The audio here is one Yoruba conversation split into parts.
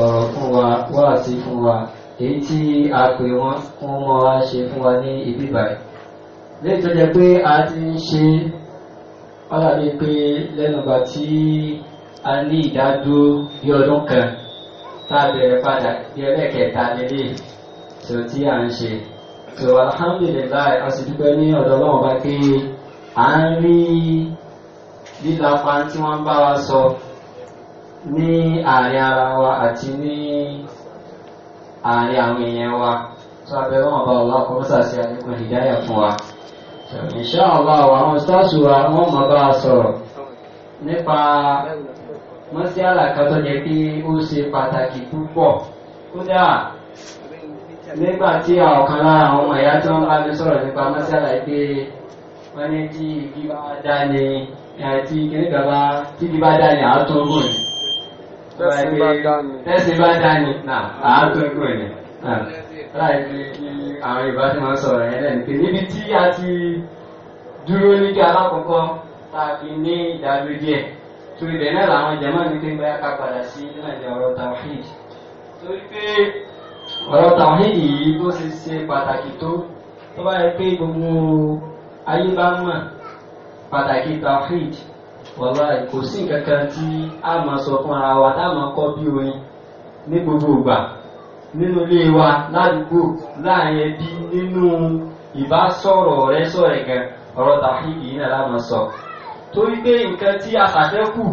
ọ̀rọ̀ fún wa wá àti fún wa èyí tí a pè wọ́n fún wọn wá ṣe fún wa ní ibi báyìí lè tó jẹ́ pé a ti ń ṣe ọ́dàbí pé lẹ́nùgbà tí a ní ìdádúró bí ọdún kan tá a bẹ̀rẹ̀ padà bí ẹlẹ́kẹ̀ẹ́ta nílé tó tí a ń ṣe tó alhamdulilayi a sì dúpẹ́ ní ọ̀dọ̀ ọlọ́run bá pé à ń rí lílapa tí wọ́n ń bá wa sọ. So, ní àárín ara wa àti ní àárín àwọn èèyàn wa tó abẹ́rẹ́ wọn bá ọlá kọ́ sàṣẹ àlékún ìdáyà fún wa insha Allah àwọn sítáàsù wa wọ́n mọ̀ bá a sọ̀rọ̀ nípa mọ́sí àlàkà tó jẹ́ pé ó ṣe pàtàkì púpọ̀ kódà nígbà tí ọ̀kan lára àwọn ọmọ ìyá tó ń bá mi sọ̀rọ̀ nípa mọ́sí àlàkà wọ́n ní tí ibi bá dá ní tí ibi bá dá ní àátọ́ gbòòrò tẹ́sí bá dání. tẹ́sí bá dání náà àá tó kú ẹ̀ láì fi kí àwọn Yorùbá ti máa sọ̀rọ̀ yẹn lẹ́nu pé níbi tí a ti dúró ní alákọ̀ọ́kọ́ tá a fi ní ìdádúró díẹ̀ tó ibẹ̀ náà làwọn jẹ̀mọ́ mi pé bóyá ká padà sí nàìjíríà ọ̀rọ̀ tawhid torí pé ọ̀rọ̀ tawhid yìí bó ṣe ṣe pàtàkì tó tó bá yẹ pé gbogbo ayé bá mọ̀ pàtàkì tawhid wàlá kò sí nǹkan kan tí a máa sọ fún ara wa tá a máa kọ́ bí orin ní gbogbo ìgbà nínú ilé wa ládùúgbò láàrin ẹbí nínú ìbásọ̀rọ̀ rẹ sọ̀rọ̀ gan ọ̀rọ̀ tàfíìkì yìí náà la máa sọ torí pé nǹkan tí a ṣàfẹ́kù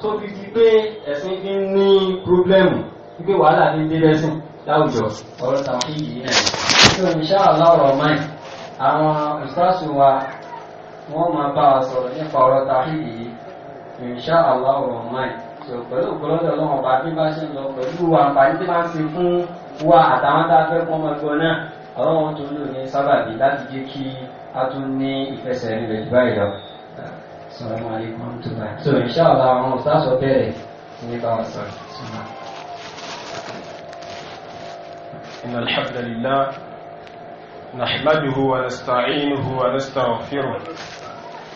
tó fi di pé ẹ̀sìn fi ń ní pírọ́blẹ́mù wípé wàhálà ní délẹ́sìn láwùjọ ọ̀rọ̀ tàfíìkì yìí náà tí òun ṣáà láwùrọ̀ àwọn ìsáàsù wọ́n máa bá a sọ̀rọ̀ nípa ọ̀rọ̀ tàfíìkì yìí insha Allah rahman tó pẹ̀lú ògbólọ́dọ̀ lọ́wọ́ ọba bí bá ṣe ń lọ pẹ̀lú àǹfààní tí máa ń ṣe fún wa àtàwọn tá a fẹ́ pọ́n ọmọ ẹgbẹ́ náà ọlọ́wọ́n tó lò ní sábàbí láti jẹ́ kí a tún ní ìfẹsẹ̀rin rẹ̀ jù báyìí lọ. Assalamu alaikum tó bá so insha Allah àwọn òṣàṣọ bẹ̀rẹ̀ ní báwọn sọ. إن الحمد لله نحمده ونستعينه ونستغفره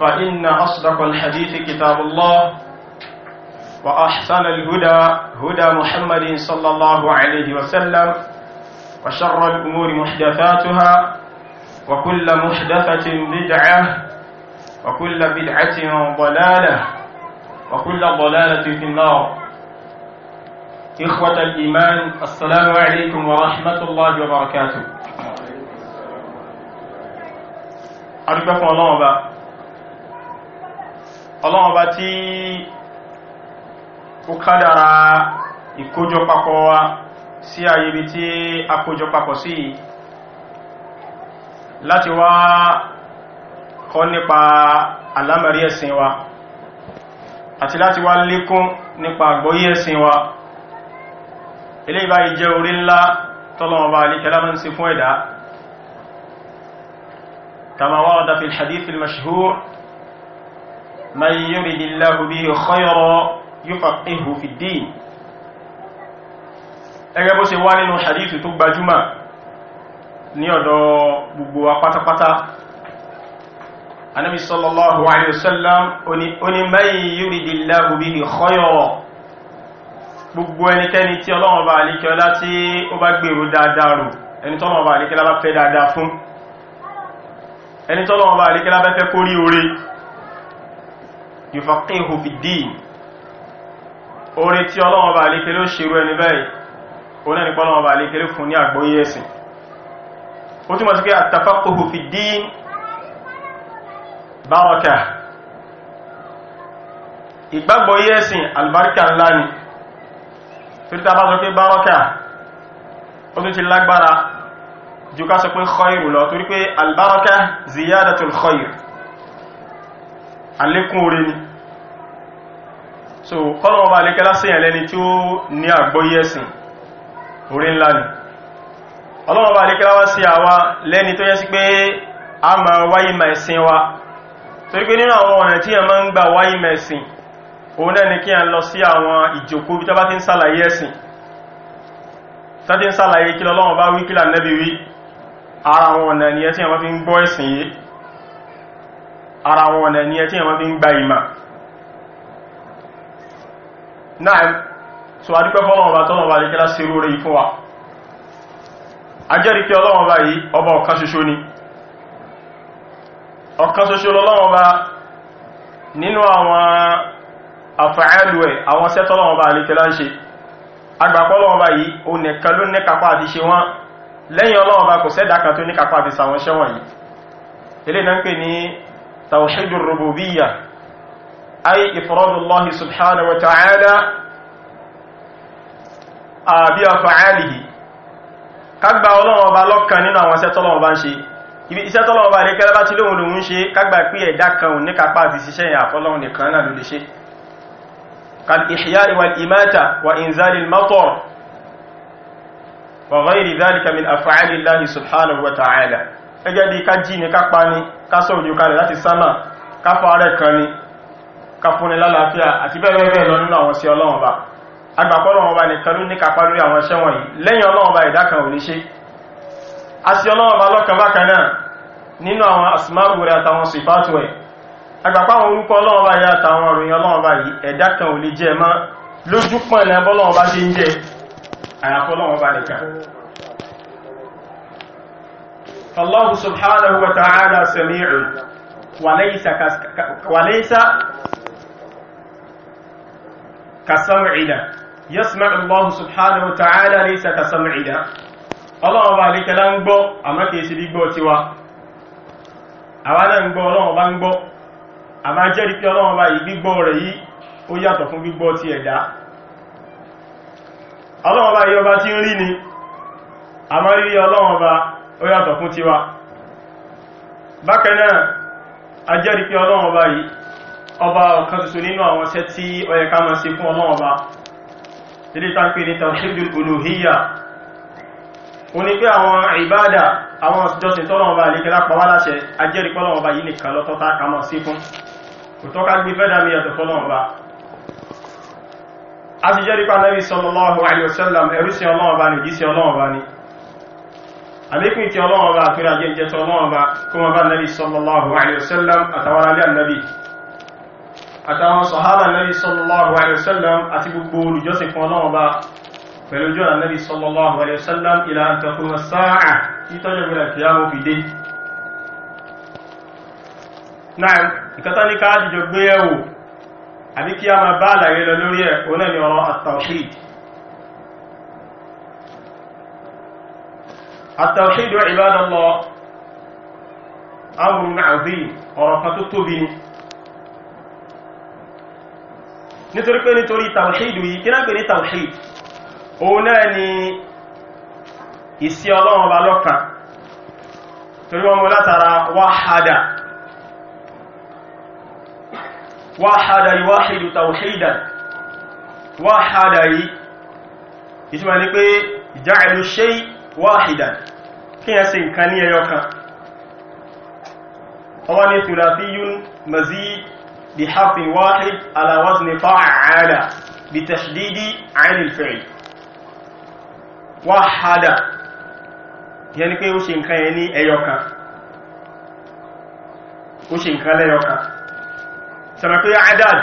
فإن أصدق الحديث كتاب الله وأحسن الهدى هدى محمد صلى الله عليه وسلم وشر الأمور محدثاتها وكل محدثة بدعة وكل بدعة ضلالة وكل ضلالة في النار إخوة الإيمان السلام عليكم ورحمة الله وبركاته أرجوكم الله وبركاته ọlọ́wọ́n bá tí ó kádàrà ìkójọpapọ̀ wa sí ayébi tí a kójọpapọ̀ sí láti wá kọ́ nípa alámàrí ẹ̀sìn wa àti láti wá lékún nípa àgbọ́yé ẹ̀sìn wa ilé ìbáyìí jẹ́ orí ńlá tọ́lọ́wọ́n bá ní kẹlámọ́ fún ẹ̀dá kama wá ọ̀dá fi hadith من يرد الله به خيرا يفقهه في الدين ẹgbẹ́ bó ṣe wá nínú hadithu tó gbajúmà ní ọ̀dọ̀ gbogbo wa pátápátá anábi sallallahu alayhi wasallam oní mẹ́yìn yuridillahu bihi khayra gbogbo ẹnikẹ́ni tí Ọlọ́run bá alíkẹ́ láti ó bá gbèrò dáadáa rò ẹni tọ́lọ́run alíkẹ́ yufaqihu fi ddin orí tí ọlọ́wọ́ bá alékelé ó ṣerú ẹni báyìí òun náà nípa ọlọ́wọ́ bá alékelé fún ní àgbóyé ẹ̀sìn ó túnmọ̀ sí pé at-tafaqquhu fi ddin bárọkà ìgbàgbóyé ẹ̀sìn albarka ńlá ni fíríta bá sọ pé bárọkà ó ni so kọ́nà ọba alékẹ́lá síyàn lẹ́ni tí ó ní àgbọ́yé ẹ̀sìn orí ńlá ni ọlọ́run ọba alékẹ́lá wá sí àwa lẹ́ni tó yẹ sí pé a ma wáyé mẹ́sìn wa torí pé nínú àwọn ọ̀nà tí yẹn máa ń gbà wáyé mẹ́sìn òun náà ni kí yẹn lọ sí àwọn ìjòkó bí tọ́bá ti ń sàlàyé ẹ̀sìn tọ́ ti ń sàlàyé kí lọ́lọ́run bá ara àwọn ọ̀nà ni ẹ tí yẹn fi ń ara àwọn ọ̀nà gba ìmọ̀ náà so adúpẹ́ fọ́lọ́wọ́ba tọ́lọ́wọ́ba lè kẹ́lá sí orí fún wa ajẹ́rìí kí ọlọ́wọ́ba yìí ọba ọ̀kan ṣoṣo ni ọ̀kan ṣoṣo lọ́lọ́wọ́ba nínú àwọn àfààlù ẹ̀ àwọn sẹ́tọ́lọ́wọ́ba lè ṣe agbàpọ́lọ́wọ́ba yìí o أي إفراد الله سبحانه وتعالى بأفعاله kagbà ọlọ́run ọba lọ́kàn nínú àwọn iṣẹ́ tọ́lọ́run bá ń ṣe ibi iṣẹ́ tọ́lọ́run bá rí kẹ́lẹ́bá tí lóhun lòun ń ṣe kagbà pé ẹ̀dá kan ò ní kápá àti ṣiṣẹ́ ìyà fọ́lọ́run nìkan náà ló lè ṣe kal ihyari wal imata wa inzali al-matar wa ghayri dhalika min af'ali llahi subhanahu wa ta'ala ẹgẹ́ bí ká jí ni ká pa ni ká sọ òjò kalẹ̀ láti sánà ká fọ́ ara kan ni káfúnni lálàáfíà àti bẹ́ẹ̀ bẹ́ẹ̀ lọ nínú àwọn sí ọlọ́run ọba agbàpọ̀ ọlọ́run ọba nìkan ló ní kápá lórí àwọn iṣẹ́ wọ̀nyí lẹ́yìn ọlọ́run ọba ìdá kan ò ní ṣe àti ọlọ́run ọba lọ́kan bákan náà nínú àwọn asmáwò rẹ̀ àtàwọn sìfáàtù ẹ̀ agbàpọ̀ àwọn orúkọ ọlọ́run ọba yìí àtàwọn ìròyìn ọlọ́run ọba yìí ẹ̀dá kan كسمعنا يسمع الله سبحانه وتعالى ليس كسمعنا ọlọ́run bá lékẹ́ lá ń gbọ́ àmọ́ kìí sí bí gbọ́ tí wá àwa náà ń gbọ́ ọlọ́run bá ń gbọ́ àmá jẹ́rìí pé ọlọ́run bá yìí gbígbọ́ rẹ̀ yìí ó yàtọ̀ fún gbígbọ́ ti ẹ̀dá ọlọ́run bá yìí ọba tí ń rí ni àmá rírí ọlọ́run bá ó yàtọ̀ fún tiwa bákan náà a jẹ́rìí pé ọlọ́run bá yìí ọba kan tuntun nínú àwọn ṣẹ́ tí ó yẹ ká máa ṣe fún ọmọ ọba ilé tàbí ní tawhidul uluhiyya o ní pé àwọn ìbádà àwọn ìjọsìn tọ́lọ̀ ọba àlékẹ́lá pàwà láṣẹ ajẹ́rí pọ́lọ̀ ọba yìí nìkan lọ́tọ́ta ká máa ṣe fún kò tọ́ka gbé fẹ́dà mi yàtọ̀ fọ́lọ̀ ọba a sì jẹ́rí pa Nabi sallallahu alaihi wasallam ẹrú sí Ọlọ́run ọba ní ìjísí Ọlọ́run ọba ní àlékún ìkẹ́ Ọlọ́run ọba àfihàn ajẹ́ ìjẹ́tọ̀ Ọlọ́run ọba kó mọ́ bá Nabi àtàwọn sọ̀hábà Nabi sallallahu alayhi wa sallam àti gbogbo olùjọ́sìn fún ọlọ́wọ́ bá pẹ̀lú ojú ọ̀nà Nabi sallallahu alayhi wa sallam ila an taquma as-sa'a títọ́jọ́ ìgbẹ̀rẹ̀ kìyàwó fìdé náà ìkàtà ní ká jìjọ gbé ẹ̀wò àbí kí a máa bá àlàyé lọ lórí ẹ̀ oná ni ọ̀rọ̀ at-tawhid at-tawhid wa ibadallah ọ̀rọ̀ kan tó tóbi ni nítorí pé nítorí tàwàhídù yìí kí náà pè ní tàwàhídù òun náà ni ìsí ọlọ́run ọba lọ́kan torí wọn mọ́ látara wáhádà wáhádà yìí wáhídù tàwàhídà wáhádà yìí ìtumà ní pé ìjáàlú ṣe wáhídà kí yẹn sí nǹkan ní ẹyọ ọwọ́ ni tùlàfíyún mazid بحرف واحد على وزن فعل بتشديد عين الفعل وحد يعني كي وشي نكان يعني ايوكا وشي نكان ايوكا سمكو يا عدد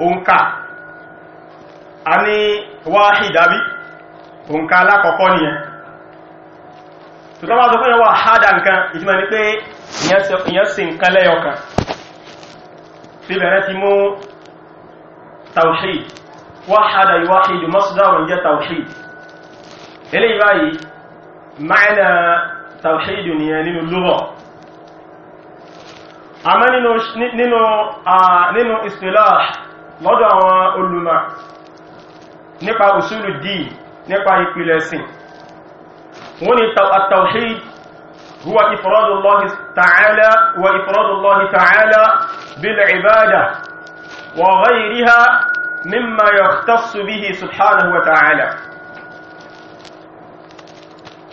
انكا اني واحد ابي انكا لا كوكونيه tó tọ́wọ́ sọ واحد ẹwà hádà nǹkan ìtumọ̀ ní pé síbẹ̀rẹ̀ ti mú tawhid wáhádà ìwáhìdù masdarun jẹ́ tawhid ilé ìbáyìí ma'ana tawhid nìyẹn nínú lugha àmá nínú istilah lọ́dọ̀ àwọn olùmọ̀ nípa usulu dìí nípa ìpìlẹ̀ sí wọ́n ni tawhid huwa ifradu Allah ta'ala wa ifradu Allah ta'ala بالعبادة وغيرها مما يختص به سبحانه وتعالى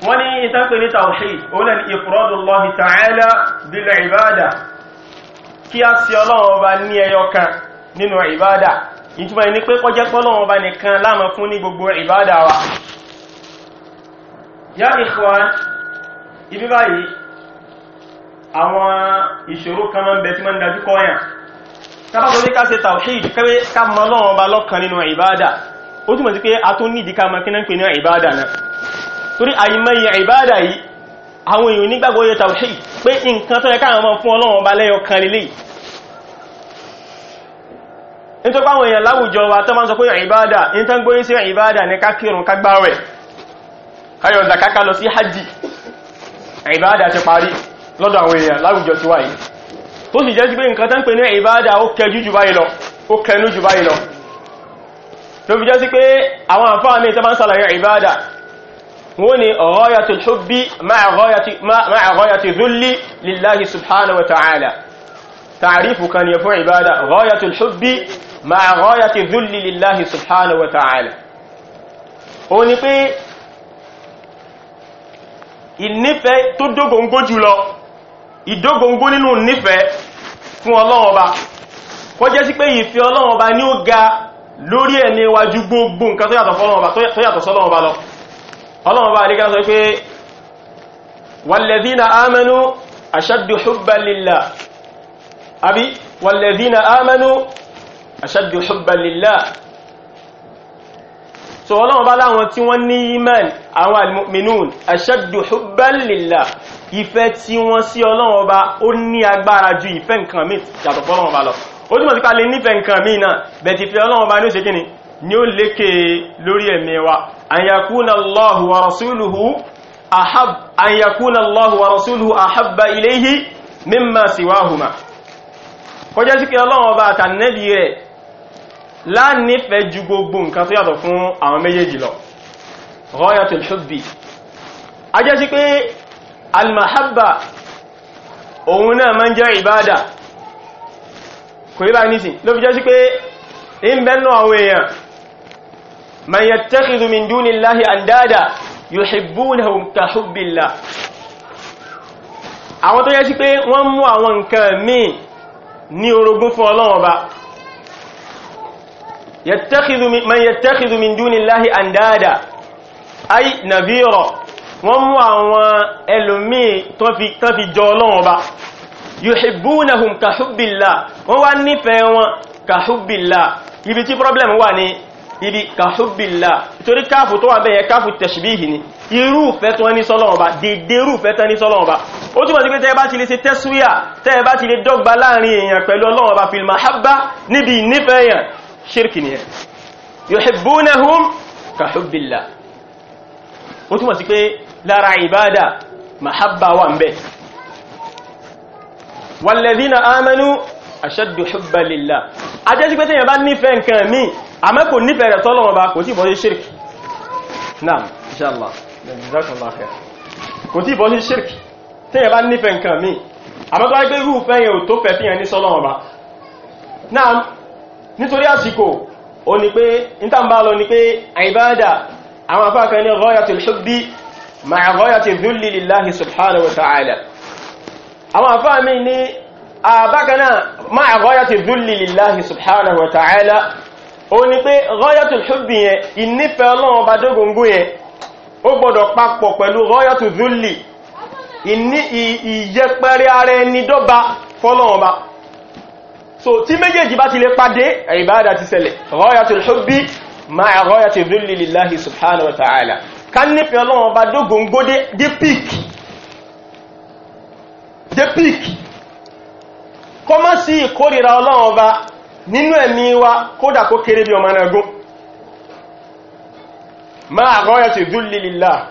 وني تنقل توحيد أولا إفراد الله تعالى بالعبادة kí a sí ọlọ́run ọba ní ẹyọ kan nínú ìbádà ìtumọ̀ ní pé kọjẹ́ pọ́lọ́run ọba nìkan láàmà fún ní gbogbo ìbádà wa yá ikhwan ibi àwọn ìṣòro kan máa ń bẹ tí máa ń dájú kọ́ yàn kábàtọ̀ ní ká ṣe tawhid kẹ́wé ká mọ Ọlọ́run ọba lọ́kan nínú ìbáàdà ó túmọ̀ sí pé a tó nídìí ká máa kí náà ń pè ní ìbáàdà náà torí àìmọye ìbáàdà yìí àwọn èèyàn nígbàgbọ́ yẹ tawhid pé nǹkan tó yẹ káwọn máa fún Ọlọ́run ọba lẹ́yọ kan lélẹ̀ nítorí pé àwọn èèyàn láwùjọ wa tó máa ń sọ pé ìbáàdà ní tán gbóyé sí ìbáàdà ní ká kírun ká lọ sí hajj ìbáàdà ti parí lọ́dọ̀ àwọn èèyàn láwùjọ ti wáyé tó sì jẹ́ sí pé nǹkan tán pè ní ìbádà ó kẹjú jù báyìí lọ ó kẹnú jù báyìí lọ tó fi jẹ́ sí pé àwọn àǹfàà mi tẹ́ máa ń sàlàyé ìbádà wọ́n ni ghayatul hubbi ma'a ghayati dhulli lillahi subhanahu wa ta'ala ta'rifu kan yẹ ìnífẹ́ tó dógóngó jùlọ ìdógóngó nínú nífẹ̀ẹ́ fún ọlọ́run ọba kó jẹ́ sí pé ìfẹ́ ọlọ́run ọba ní ó ga lórí ẹni wájú gbogbo nǹkan tó yàtọ̀ sọ́lọ́run ọba lọ ọlọ́run ọba sọ pé wàlẹ̀dínà ámẹ́nu ashaddu so ọlọ́run bá láwọn tí wọ́n ní iman àwọn almu'minun ashaddu hubban lillah ìfẹ́ tí wọ́n sí ọlọ́run ọba ó ní agbára ju ìfẹ́ nǹkan míì yàtọ̀ fọ́lọ́run ọba lọ ó túnmọ̀ sí pàlẹ́ nífẹ̀ẹ́ nǹkan míì náà bẹ̀tì fẹ́ ọlọ́run ọba ní ó ṣe kíni ni ó lékè lánífẹ́ ju gbogbo nǹkan tó yàtọ̀ fún àwọn méjèèjì lọ ghayatul hubbi a jẹ́ sí pé almahabba òun náà ma ń jẹ́ ìbádà kò yí bá ní sí ló fi jẹ́ sí pé in bẹ́nu àwọn èèyàn man yattakhidhu min dunillahi àwọn tó yẹ sí pé wọ́n mú àwọn nǹkan míì ní orogún fún Ọlọ́run Ọba يتخذ من يتخذ من دون الله اندادا اي نذيرا wọ́n mú àwọn ẹlòmíì tán fi jọ ọlọ́run ọba yuhibbunahum kahubbillah wọ́n wá nífẹ̀ẹ́ wọn kahubbillah ibi tí problem wà ní ibi kahubbillah torí káàfù tó wà bẹ́yẹ káàfù tashbihi ni irúfẹ́ tó ní sọ́lọ́run ọba dédé irúfẹ́ tó ní sọ́lọ́run ọba ó túnmọ̀ sí pé tẹ́ẹ̀bá ti lè ṣe tẹ́súyà tẹ́ẹ̀bá ti lè dọ́gba láàrin èèyàn pẹ̀lú ọlọ́run ọba fil mahabba níbi ìnífẹ̀ẹ́yàn ṣírkì ni ẹ yuhibbunahum ka hubbillah ó túnmọ̀ sí pé lára ìbádà mahabba wà ń bẹ walladhina amanu ashaddu hubban lillah a jẹ́ sí pé tẹ́yàn bá nífẹ́ nǹkan mí a mẹ́kò nífẹ́ rẹ̀ tọ́lọ́wọ́ bá kò tí bọ́ sí ṣírkì naam inshallah jazakallah khair kò tí bọ́ sí ṣírkì tẹ́yàn bá nífẹ́ nǹkan mí a mẹ́kò wáyé pé rúfẹ́ yẹn ò tó fẹ́ fíyàn ní sọ́lọ́wọ́ bá naam nítorí àsìkò o ni pé ìtàmbà lọ ni pé àìbáadà àwọn afákan ní ghayatul hubbi ma'a ghayati dhulli subhanahu wa ta'ala àwọn afáàmì ní àbákaná ma'a ghayati dhulli lillahi subhanahu wa ta'ala o ni pé ghayatul hubbi yẹn ìnífẹ́ ọlọ́run bá dógóngó yẹn ó gbọ́dọ̀ papọ̀ pẹ̀lú ghayatul dhulli ìní ara ẹni dọ́ba fọ́lọ́run so tí méjèèjì bá ti lè pàdé ìbáadà ti ṣẹlẹ̀ ghayatul hubbi ma'a ghayati dhulli lillahi subhanahu wa ta'ala ká nífẹ́ ọlọ́run bá dógóngó dé píkì dé píkì kọ́ mọ́ sí ìkórìíra ọlọ́run bá nínú ẹ̀mí wa kódà kó kéré bí ọmọ ẹnagún ma'a ghayati dhulli lillahi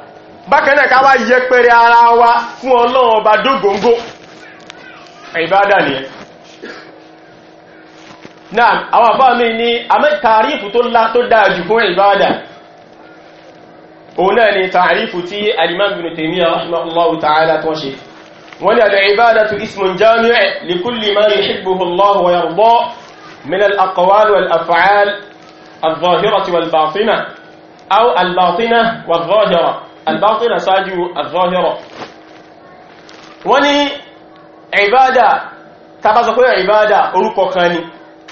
bákan náà ká wá yẹpẹrẹ ara wa fún ọlọ́run bá dógóngó ìbáadà nìyẹn náà àwọn àbá mi ní àmẹ́ tààrífù tó lá tó dáa jù fún ìbáadà òun náà ni tààrífù tí al-Imam Ibn Taymiyyah rahimahullahu ta'ala tó ṣe wọ́n ni al-ibadatu ismun jami' li kulli ma yuhibbuhu Allahu wa yarda min al-aqwal ìbáadà tàbásọ̀kọ́ kan ni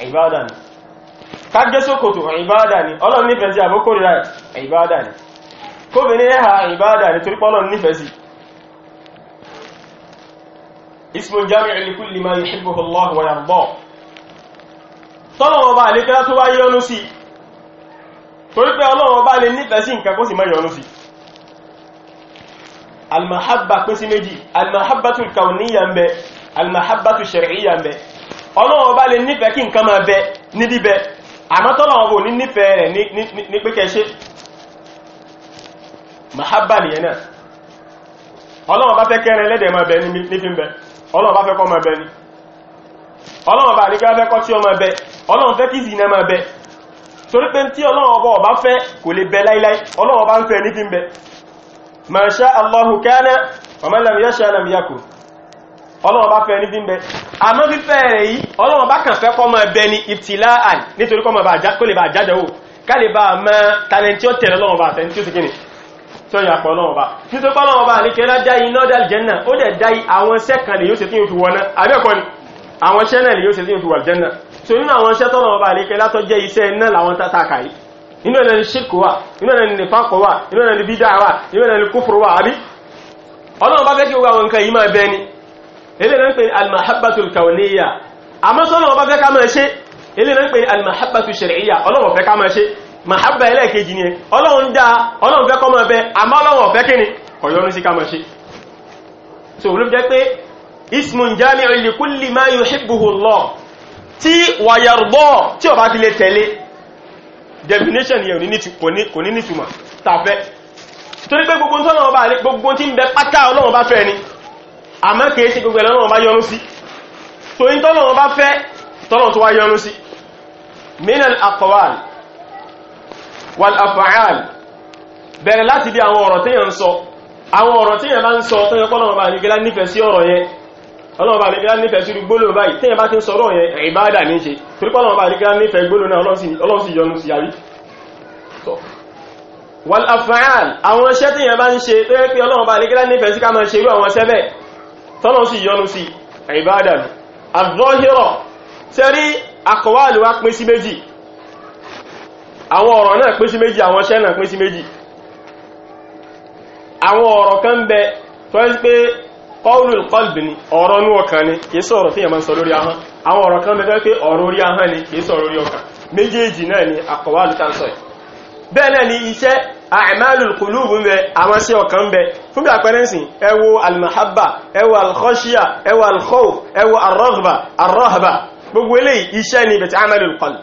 ìbádà ni kájẹ́ sókòtò ìbádà ni ọlọ́run nífẹ̀ẹ́ sí àbókòrìrà ìbádà ni kóbìnrin ẹ̀hà ìbádà ni torípọ́ ọlọ́run nífẹ̀ẹ́ sí ismun jami'u li kulli ma yuhibbuhu Allah wa yardah tọ́lọ̀wọ̀ bá lè kẹ́lá tó wá yọ́nú sí torípé ọlọ́run bá lè nífẹ̀ẹ́ sí nǹkan kó ọlọ́wọ́ bá lè nífẹ̀ẹ́ kí nǹkan máa bẹ ní bíbẹ ní nífẹ̀ẹ́ rẹ̀ ní pẹ́kẹ́ṣẹ́ mahabba nìyẹn náà ọlọ́wọ́ bá fẹ́ kẹrin lẹ́dẹ̀ máa bẹ nífi ọlọ́wọ́ bá fẹ́ kọ́ máa bẹ ní ọlọ́wọ́ bá nígbà fẹ́ tí ọlọ́wọ́ bá fẹ́ àmọ́ fífẹ́ rẹ̀ yìí ọlọ́run bá kàn fẹ́ kọ́ mọ́ ẹbẹ ni ibtilaan nítorí kọ́ mọ́ kó lè bá jáde wò ká lè bá mọ́ talenti ó tẹ̀lé ọlọ́run bá tẹ̀lenti ó ti kíni tí ó yà pọ̀ ọlọ́run bá nítorí kọ́ ọlọ́run bá ní kẹ́lá dá iná dá jẹ́nà ó dẹ̀ dá àwọn iṣẹ́ kan lè yóò ṣe tí yóò fi wọ́n náà àbẹ́ẹ̀kọ́ ni àwọn iṣẹ́ náà lè yóò ṣe tí yóò fi wà jẹ́nà so nínú àwọn iṣẹ́ tọ́lọ́run bá ní kẹ́lá tó jẹ́ iṣẹ́ náà làwọn tá tàkà yìí inú ẹ̀nà ni ṣírkù wà inú ẹ̀nà ni nìfàkọ̀ wà inú ẹ̀nà ni bídá wà inú ẹ̀nà ni kúfùrù wà àbí ọlọ́run bá fẹ́ kí gbogbo àwọn nǹkan yìí máa bẹ ni ilé náà ń pè ní almahabbatul kauniya àmọ́ sọ́nà ọba fẹ́ ká máa ṣe ilé náà ń pè ní almahabbatul shari'iyya ọlọ́run fẹ́ ká máa ṣe mahabba ẹlẹ́ẹ̀kejì ni ọlọ́run dá ọlọ́run fẹ́ kọ́ máa bẹ àmọ́ ọlọ́run fẹ́ kí ni ọ̀yọ́nu sí ká máa ṣe so olú jẹ́ pé ismun jami'u li kulli ma yuhibbuhu Allah tí ọba fi gbogbo tí ń bẹ pátá ọlọ́run bá fẹ́ ni àmọ́ kìí sí gbogbo ẹ̀lọ́nà ọba yọnú sí tó yí tọ́nà ọba fẹ́ tọ́nà tó wá yọnú sí minal aqwal wal af'al bẹ̀rẹ̀ láti bí àwọn ọ̀rọ̀ tíyàn sọ àwọn ọ̀rọ̀ tíyàn bá ń sọ tó yẹ pọ́nà ọba àrígẹ́lá nífẹ̀ẹ́ sí ọ̀rọ̀ yẹn ọlọ́run bá àrígẹ́lá nífẹ̀ẹ́ sí gbólóhùn báyìí tíyàn bá ti ń sọ̀rọ̀ yẹn ìbádà ní ṣe torí pọ́nà ọba àrígẹ́lá nífẹ̀ẹ́ gbólóhùn náà ọlọ́run sì yọ́nú sí yàrí wal af'al àwọn iṣẹ́ tíyàn bá ń ṣe tó yẹ pé ọlọ́run bá àrígẹ́lá nífẹ̀ẹ́ sí ká máa ṣerú àwọn iṣẹ́ tọ́lọ́n sì yọ́nú sí ìbádà ní àzọ́hírọ̀ tẹ́rí àkọwàlù wá pín sí méjì àwọn ọ̀rọ̀ náà pín sí méjì àwọn iṣẹ́ náà pín sí méjì àwọn ọ̀rọ̀ kan bẹ tó ń pé qawlul qalbi ni ọ̀rọ̀ ní ọkàn ni kìí sọ̀rọ̀ tí yẹ̀mọ́ sọ lórí bẹ́ẹ̀ ni iṣẹ́ a'malul qulub ń bẹ àwọn sí ọkàn ń bẹ fún bí àpẹrẹsìn ẹ wo almahabba ẹ wo alkhashia ẹ wo alkhawf ẹ wo arraghba arrahba gbogbo eléyìí iṣẹ́ ni bẹ̀tẹ̀ a'malul qalb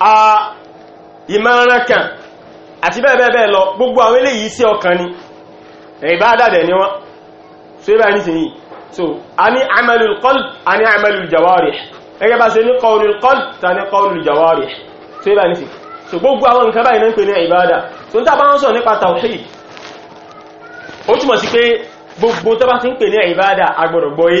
a ìmọ̀ràn kan àti bẹ́ẹ̀ bẹ́ẹ̀ lọ gbogbo àwọn eléyìí sí ọkàn ni ìbádàdẹ̀ ni wọ́n so ibá ní sìnyí so a ní amalul qalb a ní amalul jawarih gẹ́gẹ́ bá ṣe ní qawlul qalb ta ní qawlul jawarih so ibá ní sìnyí so gbogbo àwọn nǹkan báyìí náà ń pè ní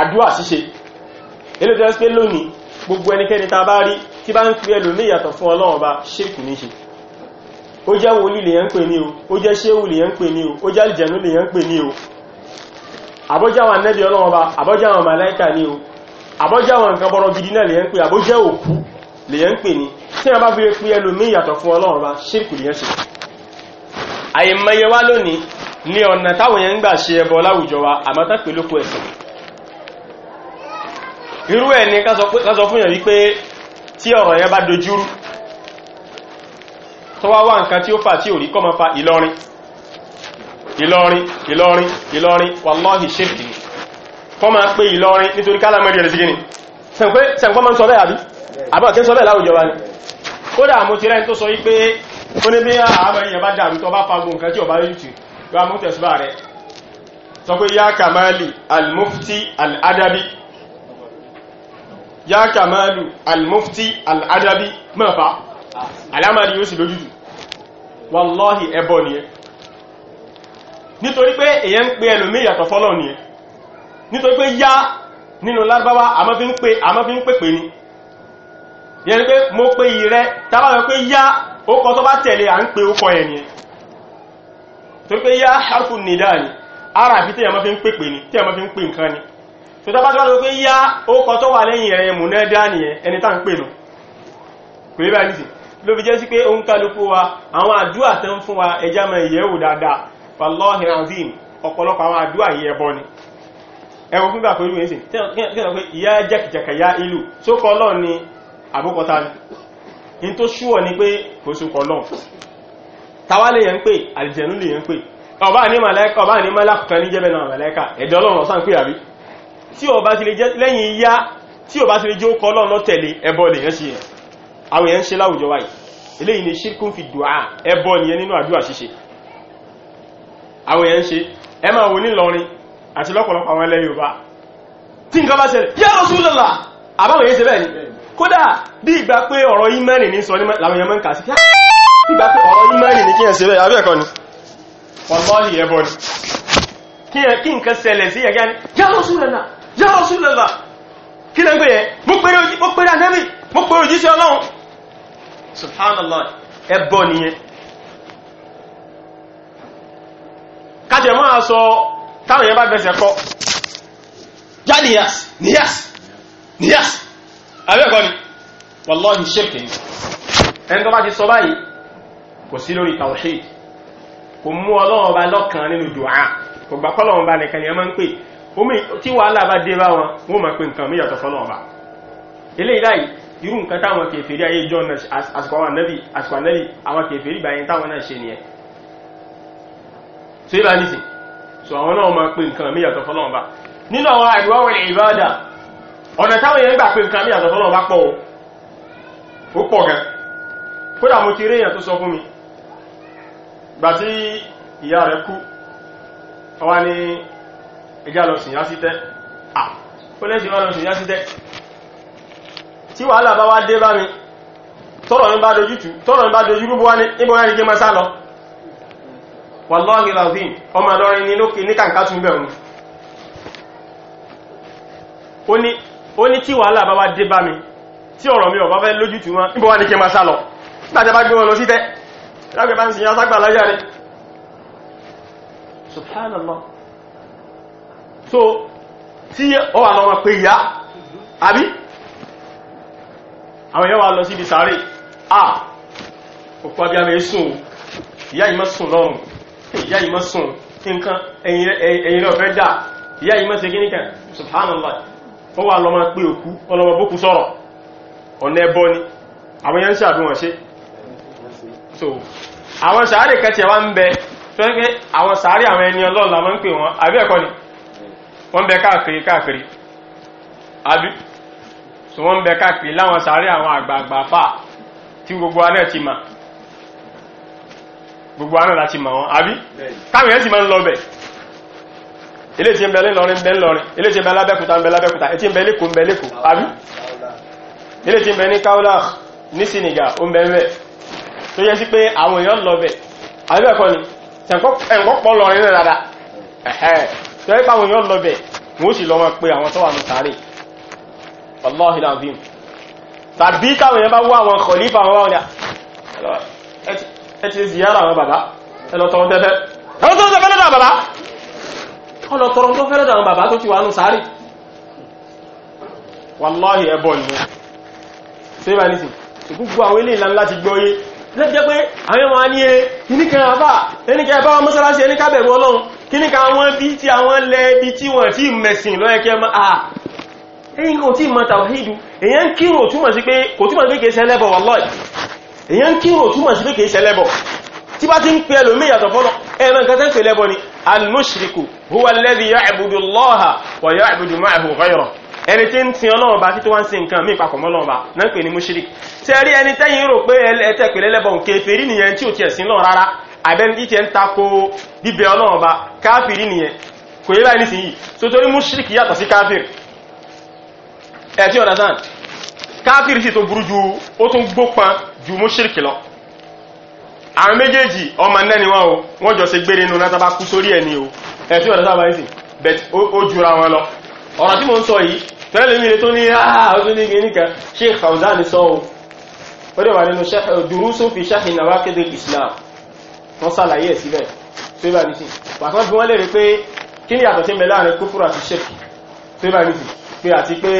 àdúà ṣíṣe ilé tó ń pé lónìí gbogbo ẹnikẹ́ni ta bá rí tí bá ń pè ẹlòmí ìyàtọ̀ fún ọlọ́run bá ṣírkù ní ṣe ó jẹ́ wòlí lèyàn ń pè ní o ó jẹ́ ṣéwù lèyàn ń pè ní o ó jẹ́ àlìjẹ̀nú lèyàn ń pè ní o àbọ́jáwọn anẹ́bí ọlọ́run bá àbọ́jáwọn màláìkà ní o àbọ́jáwọn nǹkan bọ́rọ̀ gidi náà lèyàn ń pè àbọ́jẹ́ òkú lèyàn ń pè ní tí wọ́n bá fi pè ẹlòmí ìyàtọ̀ fún ọlọ́run bá ṣírkù lèyàn àyè mẹyẹ wá lónìí ní ọ̀nà táwọn yẹn ń gbà ṣe ẹbọ láwùjọ wa àmọ́tá pẹ̀lú ẹ̀sìn irú ẹ̀ ni ká sọ fún yàn wípé tí ọ̀rọ̀ yẹn bá dojúrú tó wá wá nǹkan tí ó fà tí ò rí kọ́ ma fa ìlọrin ìlọrin ìlọrin ìlọrin wàláhì ṣírkì ni kọ́ ma pé ìlọrin nítorí kálámẹ́rì ẹ̀rẹ̀ sí ni kódà mo ti rẹ́ni tó sọ wípé ó ní bí àmọ́ èèyàn bá dàrú tó bá fagbó nǹkan tí ò bá rí jù yóò amú tẹ̀síbà rẹ̀ sọ pé almufti aladabi ya kamalu al-mufti al-adabi mafa alamari yosi lojuju wallahi ebo ni e nitori pe eyan pe elomi yato folo ni e nitori pe ya ninu larbawa ama fi n pe ama fi n pe ni yẹni mo pe yi re tabawa pe ya o ko ba tele a n pe o ko tori pe ya harfun nida ni ara fi teyama fi n pe pe ni teyama fi n pe tó tọ́ bá tọ́ lọ pé yá ókọ tó wà lẹ́yìn ẹ̀yẹn mú náà dá nìyẹn ẹni tá pè nù kò yí báyìí ló fi jẹ́ sí pé wa àwọn àdúà tó ń fún wa ẹjá mọ ìyẹ̀wò dáadáa wallahi azim ọ̀pọ̀lọpọ̀ àwọn àdúà yìí ẹbọ ni ẹwọ fún gbàkó ìlú ẹ̀sìn ya ìlú tó kọ́ lọ́ ni àbúkọta ní tó ṣúwọ̀ ni pé kò sí kọ́ lọ́n tàwà lè yẹn pé àlìjẹ̀nú lè yẹn pé ọba ní màláíkà ọba ní màláíkà ní jẹ́bẹ̀ náà màláíkà ẹ̀dọ́ ọlọ́run ọ̀sán pé àbí tí ó bá ti lè jẹ́ lẹ́yìn yá tí ó bá ti lè jẹ́ ó kọ́ lọ́nà tẹ̀lé ẹbọ lè yẹn sí ẹ̀ àwọn èèyàn ń ṣe láwùjọ wáyìí eléyìí ni ṣírkún fi dùá ẹbọ nìyẹn nínú àdúrà ṣíṣe àwọn èèyàn ń ṣe ẹ máa wò ní lọrin àti lọ́pọ̀lọpọ̀ àwọn ẹlẹ́yìn Yorùbá tí nǹkan bá ṣẹlẹ̀ yá Rasulullah àbáwọn èèyàn ṣe bẹ́ẹ̀ ni kódà bí ìgbà pé ọ̀rọ̀ ìmánì ní sọ làwọn èèyàn máa ń kà sí ìgbà pé ọ̀rọ̀ ìmánì ní kí ẹ̀ ṣe bẹ́ẹ̀ abẹ́ẹ̀kọ́ ni wallahi ẹbọ ni kí nǹkan ṣẹlẹ̀ sí ẹ̀gá ni yá Rasulullah ya Rasulullah kí lẹ́ ń pè yẹ mo pèrè anẹ́bì mo pèrè òjíṣẹ́ ọlọ́run subhanallah ẹbọ nìyẹn kájẹ̀ máa sọ táwọn yẹn bá bẹ̀sẹ̀ kọ́ já níyàs níyàs níyàs abẹ́ẹ̀kọ́ ni wallahi ṣẹ́kẹ̀ ni ẹni tó bá ti sọ báyìí kò sí lórí tawhid kò mú ọlọ́run ọba lọ́kàn nínú dùá kò gbà pé ọlọ́run nìkan ni máa ń pè omi tí wàhálà bá dé bá wọn wọ́n ma pè nǹkan mí yàtọ̀ fọ́lọ̀ ọba ilé ìdáyì irú nǹkan táwọn kèfèrí ayé john àsìkò àwọn nẹ́bì àsìkò ànẹ́bì àwọn kèfèrí báyìí táwọn náà ṣe nìyẹn tó yíba nìsín so àwọn náà ma pè nǹkan mí yàtọ̀ fọ́lọ̀ ọba nínú àwọn àdúwáwọ̀ ìbáàdà ọ̀nà táwọn gbà nǹkan mí yàtọ̀ fọ́lọ̀ ọba pọ̀ ẹjá lọ sìn yá sí tẹ́ ó lẹ́sìn wá lọ sìn yá sí tẹ́ tí wàhálà bá wá dé bá mi tọ́rọ̀ mi bá dojútù tọ́rọ̀ mi bá dojú gbogbo wá ní ibò wá ní kí ma sá lọ wàlọ́ọ̀gì làzín ọmọ àdọ́rin ní lókè ní kàǹkà tún bẹ̀rù ó ní tí wàhálà bá subhanallah so tí ó wà lọ́wọ́ pé ìyá àbí àwọn èèyàn wà lọ síbi sàárè à òpó abíyàmẹ́ sùn ìyá yìí má sùn lọ́rùn ìyá yìí má sùn nǹkan ẹ̀yìn rẹ̀ fẹ́ dà ìyá yìí má kí nìkan subhanallah ó wà lọ́mọ pé òkú ọlọ́mọ bókú sọ̀rọ̀ ọ̀nà ẹbọ ni àwọn yẹn ń ṣàdúnwọ̀n ṣe so àwọn sàárè kẹtì ẹwà ń bẹ tó ń pé àwọn sàárè àwọn ẹni ọlọ́ọ̀lá máa ń pè wọn àbí ẹ̀kọ́ ni wọ́n bẹ káàkiri káàkiri abi, so wọ́n bẹ káàkiri láwọn sàárẹ̀ àwọn àgbààgbà fà tí gbogbo aná ti ma gbogbo aná láti ma wọn àbí táwọn yẹn sì máa ń lọ bẹ̀ ilé tí ń bẹ lẹ́lọrin bẹ lọrin ilé tí ń bẹ lábẹ́kúta ń bẹ lábẹ́kúta etí ń bẹ lẹ́kọ̀ọ́ ń bẹ lẹ́kọ̀ọ́ àbí ilé tí ń bẹ ní Kaolack ní Senegal ó ń bẹ ń bẹ tó yẹ sí pé àwọn èèyàn lọ bẹ̀ àbí bẹ́ẹ̀ kọ́ ni ẹ̀ńkọ́ pọ̀ lọrin náà dáadáa tó ẹ́ pàwọn èèyàn lọ́bẹ̀ wọ́n sì lọ́wọ́ pé àwọn tó wà ní sàárè Allahi lazim tàbí táwọn èèyàn bá wá àwọn kọ̀lífà wọn wọ́n ẹ ti ziyara àwọn bàbá ẹlọ́tọ̀rọ̀ tẹ́fẹ́ ẹlọ́tọ̀rọ̀ tó fẹ́rẹ́ àwọn bàbá tó ti wà ní sàárè wallahi ẹbọ ni ṣe bá ní sí ṣùgbùgbù àwọn ilé ìlànà láti gbọ́yé lẹ́fẹ́ pé àwọn ọmọ ní eh, kíníkà àbá ẹnikẹ́ ẹbá wọn mọ́sálásí ẹni kábẹ̀rù ọlọ́run kíníkà wọn bí tí àwọn lẹ ibi tí wọ́n ti mẹ̀sìn lọ́ẹ̀kẹ́ mọ́ à ah, ẹ̀yìn kò tí mọ́ tàwíìdù èyàn ń kírò túmọ̀ sí pé kò túmọ̀ sí pé kìí ṣẹlẹ́bọ̀ wallahi èyàn ń kírò túmọ̀ sí pé kìí ṣẹlẹ́bọ̀ tí bá ti ń pẹ ẹlòmí ìyàtọ̀ fọ́lọ́ ẹ̀mẹ́ nǹkan tẹ́ ń pẹ lẹ́bọ̀ ni al-mushriku huwa alladhi ya'budu Allaha wa ya'budu ma'ahu ghayrahu ẹni tí ń sin ọlọ́run bá títí wá ń sin nǹkan míì papọ̀ mọ́ ọlọ́run bá náà ń pè ní mushrik ṣe rí ẹni tẹ́yìn rò pé ẹtẹ́ pèlè lẹ́bọ̀n kèfèrí nìyẹn tí ò tiẹ̀ sin lọ́run rárá àbẹ́ni tí tiẹ̀ ń tako bíbẹ ọlọ́run bá káfìrí nìyẹn kò yẹ báyìí nísìnyí so torí mushrik yàtọ̀ sí káfìrí ẹ̀ tí ọ̀dà sàn káfìrí sì tó burú ju ó tún gbópan ju mushrik lọ àwọn méjèèjì ọmọ náà ni wọ́n o wọ́n jọ ṣe gbére nínú látàbá kú sórí ẹ̀ ni o ẹ̀ tí ọ̀dà sàn báyìí sì bẹ̀t ó jura wọn lọ ọ̀rọ̀ tí mo ń sọ yìí tẹ́lẹ̀ mi tó ní ààrùn ah, ní gini kan Sheikh Fawzan sọ́wọ́ ó dẹ̀ wà nínú durusun fi sharh nawaqid al-Islam wọ́n sàlàyé síbẹ̀ tó bá nìsí wàkán bí wọ́n lè rí pé kí ni yàtọ̀ tí mẹ́ láàrin kúfúrú àti ṣẹ́kì tó bá nìsí pé àti pé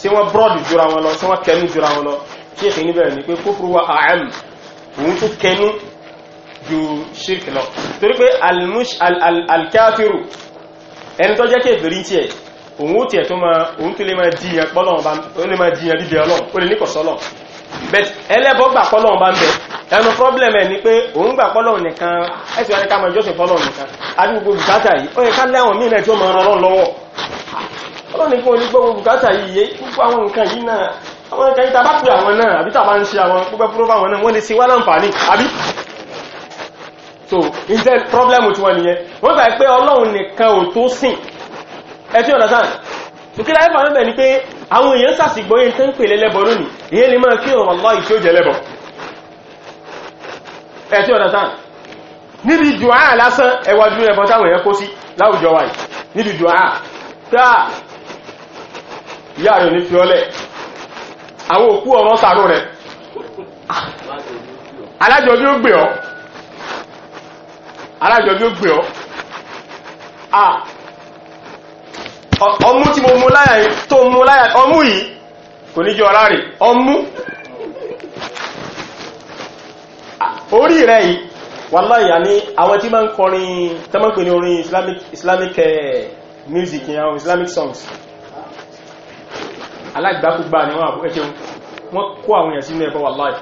sí wọ́n brọ́dù jura wọn lọ sí wọ́n kẹnu jura wọn lọ Sheikh níbẹ̀ ni pé kúfúrú wa àám òun tó kẹnu ju ṣírkì lọ torí pé al-mush al-kafiru ẹni tó jẹ́ kéfèrí tí ẹ̀ òun tí ẹ̀ tó máa òun tó lè máa díyàn pọ́lọ́run bá ó lè máa díyàn bíbẹ̀ ọlọ́run ó lè ní kọ̀sọ́lọ̀ but ẹlẹ́bọ́ gbà pọ́lọ́run ń bẹ ẹnu problem ẹ̀ ni pé òun gbà pọ́lọ́run nìkan ẹ̀sìn wọn ká máa jọ́sìn fọ́lọ́run nìkan àti bùkátà yìí ó yẹ ká láwọn míì ma máa ran lọ́wọ́ ọlọ́run nìkan ò ní gbọ́ ẹ̀tí ọ̀dásán tókílá ẹ̀fà ń bẹ̀ ní pé àwọn èèyàn sàṣìgbóyé tó ń pè lẹ́lẹ́bọ̀ lónìí èyí ni máa kí ọ̀rọ̀ lọ́ ìṣó jẹ́lẹ́bọ̀ ẹ̀tí ọ̀dásán níbi dùá lásán ẹwàjú ẹbọ táwọn èèyàn ọmú tí mo mú láyà tó mú láyà ọmú yìí kò ní jọ ọ̀rá rẹ̀ ọmú orí rẹ̀ yìí wallahi ní àwọn tí máa ń kọrin tẹ́mọ́pè ní orin islamic islamic eh, music ní àwọn islamic songs alágbàkúgbà ni wọ́n àbúkẹ́ ṣeun wọ́n kó àwọn èèyàn sínú ẹ̀kọ́ wallahi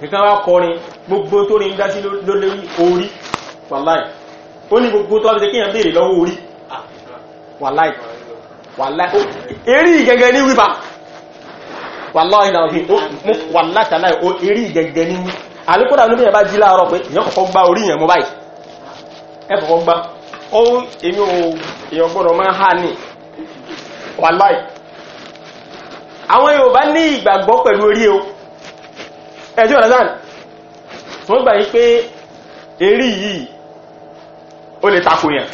nìkan wá kọrin gbogbo tó rí ń dá sí lórí orí wallahi ó ní gbogbo tó wá bí i kíyàn béèrè lọ́wọ́ orí wàláì wàláì eré ìgẹ̀gẹ̀ ní wípa wàláì náà fi wàláì tàláì ó eré ìgẹ̀gẹ̀ ní wí àlékódà ló bẹ̀rẹ̀ bá jí láàárọ̀ pé ìyàn kọ̀kọ́ gbá orí yẹn mú báyìí ẹ kọ̀kọ́ gbá ohun èmi ò èèyàn gbọ́dọ̀ máa hà ní wàláì àwọn Yorùbá ní ìgbàgbọ́ pẹ̀lú orí o ó lè tako yẹn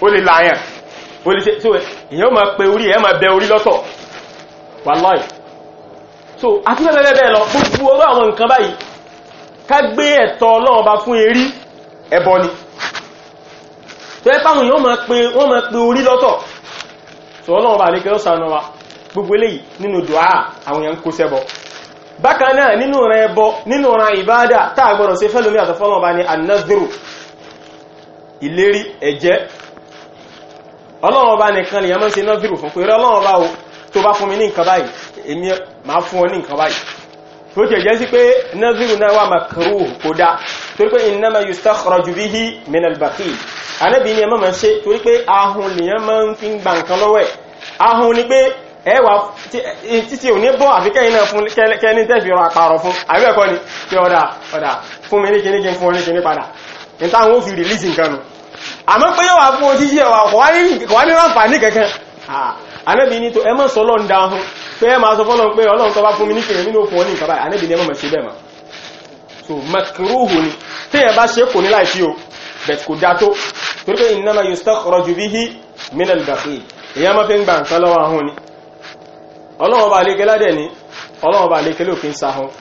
ó lè la ó lè ṣe tí èyàn ó ori pe orí ẹ̀ máa bẹ orí lọ́tọ̀ wàláì so àti bẹ́ẹ̀bẹ́ẹ̀ lọ gbogbo ọ̀rọ̀ àwọn nǹkan báyìí ká gbé ẹ̀tọ́ Ọlọ́run fún erí ẹbọ ni tẹ́ fáwọn èyàn wọ́n máa pe orí lọ́tọ̀ so Ọlọ́run bá ba wa gbogbo ninu ya ẹ̀jẹ́ ọlọ́run ọba nìkan nìyàn máa ń ṣe náà fìrù fún pé ọlọ́run ọba o tó bá fún mi ní nǹkan báyìí èmi máa fún ọ ní nǹkan báyìí tó jẹ́ jẹ́ sí pé naziru náà wà makaru kò dá torí pé innama yustakhraju bihi min al-bakhil anábì ni ẹ máa ṣe torí pé ahun nìyàn máa ń fi gba nǹkan lọ́wọ́ ẹ̀ ahun ni pé ẹwà títí ò ní bọ́ àfikẹ́yìn náà fún kẹ́ni tẹ́ rọ àpàrọ̀ fún àríwẹ̀kọ́ ni pé ọ̀dà ọ̀dà fún mi ní kíní kí fún ọ ní kíní padà nítawọn ó fi rìlíìsì nǹkan nù àmọ́ pé yọ́ wà fún ojú yẹ́ wà ní ránfàní kẹ́kẹ́ ànábì ní tó ẹmọ́ sọ lọ́n dáhùn pé ẹ máa sọ fọ́lọ́n pé ọlọ́run tó bá fún mi nínú òfin oní ìkàbá ànábì ní ẹmọ́ so makruhu ni tí ẹ bá ṣe kò ní láì fi o bẹ̀t kò dá tó torí pé innama yustakhraju bihi minal bakhil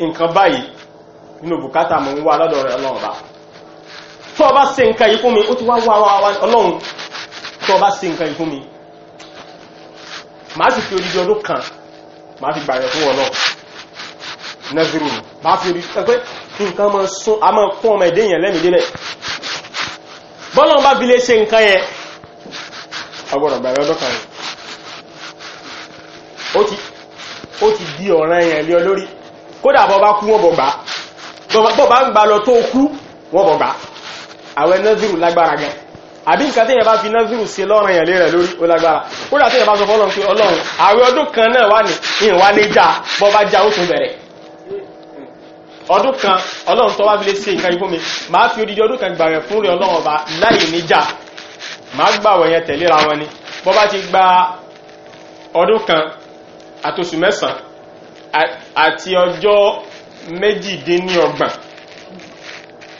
nǹkan báyìí nínú bukata mọ̀ ń wá lọ́dọ̀ rẹ̀ ọlọ́run bá tó ọba ṣe nǹkan yìí fún mi ó ti wá wá ọlọ́run tó ọba ṣe nǹkan yìí fún mi sì fi odidi ọdún kan màá fi gbàrẹ̀ fún ọlọ́ nẹ́sìrì mi fi odidi pé nǹkan máa sún a máa kún ọmọ ẹ̀dẹ́ lẹ́mìí bá fi lè ṣe nǹkan yẹn gbàrẹ̀ ọdún kan ó ti di ọ̀ràn yẹn lé lórí kódà bọ́ bá kú wọ́n bọ̀ gbà bọ́ bá ń gbà lọ tó kú wọ́n bọ̀ gbà àwọn nẹ́zìrù lágbára gan àbí nǹkan tí yẹn bá fi nẹ́zìrù sí lọ́rùn èèyàn lé rẹ̀ lórí ó lágbára kódà tí yẹn bá sọ fọ́lọ́run pé ọlọ́run àwẹ̀ ọdún kan náà wà ní ìhìn wá ní já bọ́ bá já ó tún bẹ̀rẹ̀ ọdún kan ọlọ́run tó wá fi lè ṣe nǹkan ikú mi máa fi odidi ọdún kan gbàwẹ̀ fún rẹ̀ ọlọ́run ọba láì ní já máa gbàwẹ̀ yẹn tẹ̀léra wọn ni bọ́ bá ti gba ọdún kan àtòsù mẹ́sàn-án àti ọjọ́ méjìdínlọ́gbọ̀n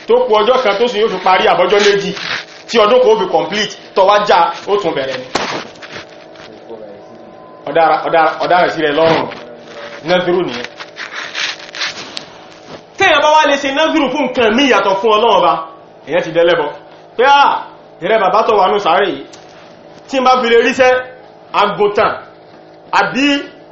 tó kù ọjọ́ kan tó sì yóò fi parí àbọ́jọ́ méjì tí ọdún kò fi complete tọwájá ó tún bẹ̀rẹ̀ ni ọ̀dára sí rẹ̀ lọ́rùn nẹ́fìrú nìyẹn tẹ́yàn bá wá lè ṣe nẹ́fìrú fún nǹkan mí yàtọ̀ fún ọlọ́run bá èyàn ti dẹ́lẹ́bọ pé à ah, ìrẹ́ bàbá tọ̀ wà ní sàárè yìí tí n bá fi lè ríṣẹ́ àgùntàn àbí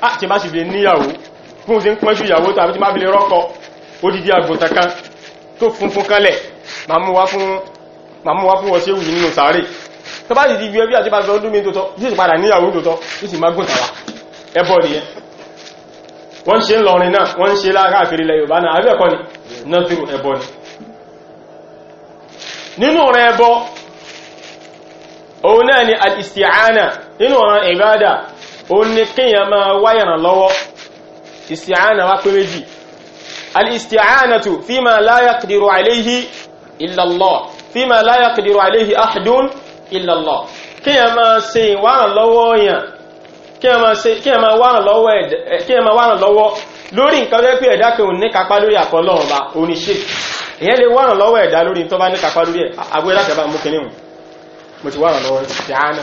Ah, tí bá sì fi níyàwó fún òsín pẹ́jú ìyàwó tàbí tí bá fi lè rọ́kọ odidi àgbòtàn kan tó funfun kalẹ̀ máa mú wá fún wọ́n sí ewu nínú sàárè tó bá sì ti fi ẹbí àti bá sọ ọdún mi tótọ́ yìí sì padà níyàwó tótọ́ yìí sì má gùn tàwa ẹbọ nìyẹn wọ́n ṣe ń lọrin náà wọ́n ṣe láàkàfèrè ilẹ̀ Yorùbá náà àbẹ́ẹ̀kọ́ ni nọ́tírù ẹbọ ni nínú rẹ̀ ẹbọ òun náà ni al-isti'ana nínú ọ̀ràn ìbádà ó ní kíyàn máa wáyàn lọ́wọ́ isti'ana wá pé méjì al-isti'anatu fima la yaqdiru alayhi illa Allah fima la yaqdiru alayhi ahadun illa Allah kíyàn máa ṣe ìwáràn lọ́wọ́ yàn kíyàn máa wáràn lọ́wọ́ eh, lórí nǹkan tó lè wáràn lọ́wọ́ ẹ̀dá lórí tó bá ní kápá lórí àgbẹ́dá kẹba mú kìnnìún mo ti wáràn lọ́wọ́ isti'ana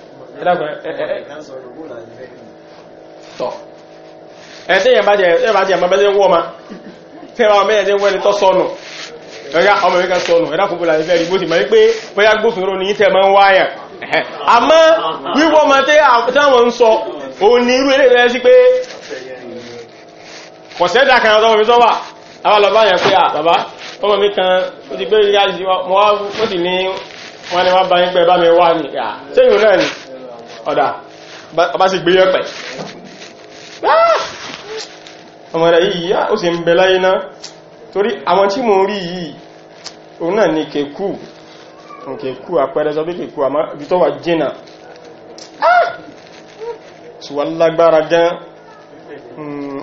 ẹ̀dàgbẹ̀ tọ́ ẹ̀tẹ́yẹ̀ bá jẹ́ ẹ̀mọ́ bẹ́jẹ́ wọ́ ma tẹ́wà ọmọ ẹ̀jẹ́ wẹ́ni tọ́ sọ́nù ẹ̀yà ọmọ ẹ̀kẹ́ sọ́nù ẹ̀dàkùnbùlà ìfẹ́ ìgbó ti mọ̀ wípé bóyá gbófinró ní tẹ́ wọ́n ni wọ́n bá ń bá mi wá ní náà ni ọ̀dà ọba sì gbé yẹ̀pẹ̀ ah! ọmọ rẹ̀ yìí yá ah, ó sì ń bẹ láyé náà torí àwọn tí mo rí yìí òun náà ni kèkú kèkú àpẹẹrẹ sọ pé kèkú àmá ibi tó wà jìnà ṣùgbọ́n ah! lágbára gan hmm,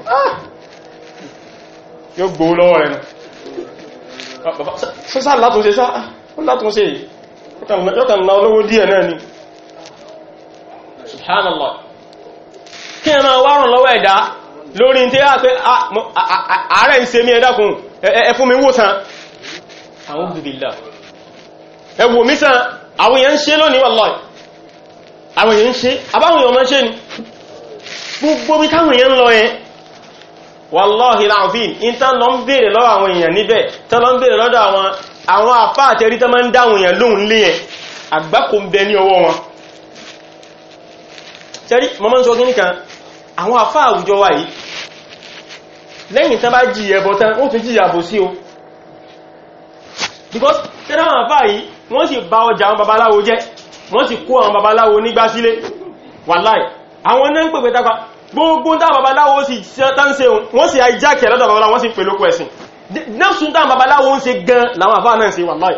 yóò gbó lọ́wọ́ rẹ̀ ṣe sáà látúnṣe sáà látúnṣe yóò kàn náà olówó díẹ̀ náà ni subhanallah kí ẹ máa wárùn lọ́wọ́ ẹ̀dá lórí tí a pé ah, ààrẹ ń ṣe mí ẹ̀dàkùn ẹ fún mi wòsàn àwọn òbìbìlá ẹwò mísàn àwọn èèyàn ń ṣe lónìí wallahi àwọn èèyàn ń ṣe abáwọn èèyàn máa ṣe ni gbogbo bí táwọn èèyàn lọ yẹn wallahi láàfin in tán lọ ń bèèrè lọ́wọ́ àwọn èèyàn níbẹ̀ tán lọ ń bèèrè lọ́dọ̀ àwọn àfáà tẹ́rí tán máa ń dáwọn èèyàn bẹ ní ọwọ́ wọn sẹ́rí mọ́mọ́ ń sọ gíní kan àwọn àfá àwùjọ wa yìí lẹ́yìn tán bá jí ẹbọ tán ó tún jí ìyàbò sí o because tẹ́lá àwọn àfá yìí wọ́n sì bá ọjà àwọn babaláwo jẹ́ wọ́n sì kó àwọn babaláwo nígbà sílé wàláì àwọn náà ń pèpè tápa gbogbo tá babaláwo sì tán ṣe wọ́n sì àìjákẹ̀ lọ́dọ̀ babaláwo wọ́n sì pèlókù ẹ̀sìn náà sún tá babaláwo ń ṣe gan làwọn àfá náà ṣe wàláì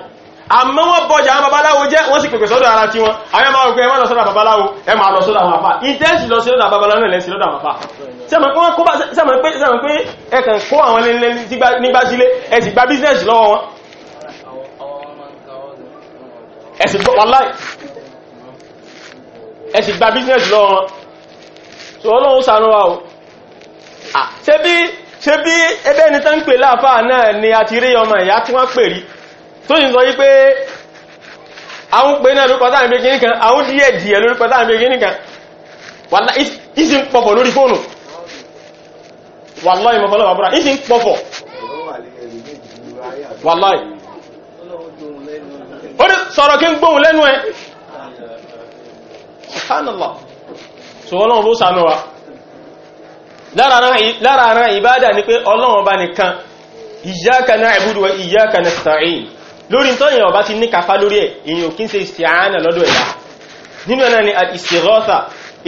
àmọ́ wọ́n bọ́jà àwọn babaláwo jẹ́ wọ́n sì pèpè sọ́dọ̀ ara tí wọ́n àwọn máa rògbé ẹmọ́ lọ́sọ́dọ̀ babaláwo ẹ máa lọ́sọ́dọ̀ àwọn àpá intense lọ́sọ́dọ̀ babaláwo lẹ́ sí lọ́dọ̀ àwọn àpá sẹ́mọ̀ pé ẹkàn kó àwọn lẹ́lẹ́ nígbà sílé ẹ sì gba business lọ́wọ́ wọn ẹ sì gbọ́ wàláì ẹ sì gba business lọ́wọ́ wọn so ọlọ́run ṣàánú wa o ṣe bí ẹbẹ́ ẹni tán pè láàfáà náà ni a ti rí ọmọ ìyá tí wọ́n pè rí tó yìí sọ wípé àwọn pé náà lórúkọ táàmì kìíní kan àwọn díẹ̀ díẹ̀ lórúkọ táàmì kìíní kan wàlá ìsì ń pọ̀fọ̀ lórí fóònù wàlá ìmọ̀fọ́lọ́wà búra ìsì ń pọ̀fọ̀ wàlá ó ní sọ̀rọ̀ kí ń gbóhùn lẹ́nu ẹ subhanallah so ọlọ́run ló sànú wa lára ìbádà ni pé ọlọ́run bá nìkan iyyaka na'budu wa iyyaka lórí tọ́yìn ọba ti ní kàfà lórí ẹ̀ èyàn kí ń ṣe ìsìáánà lọ́dọ̀ ẹ̀dá nínú ẹ̀nà ni ìsìrọ́fà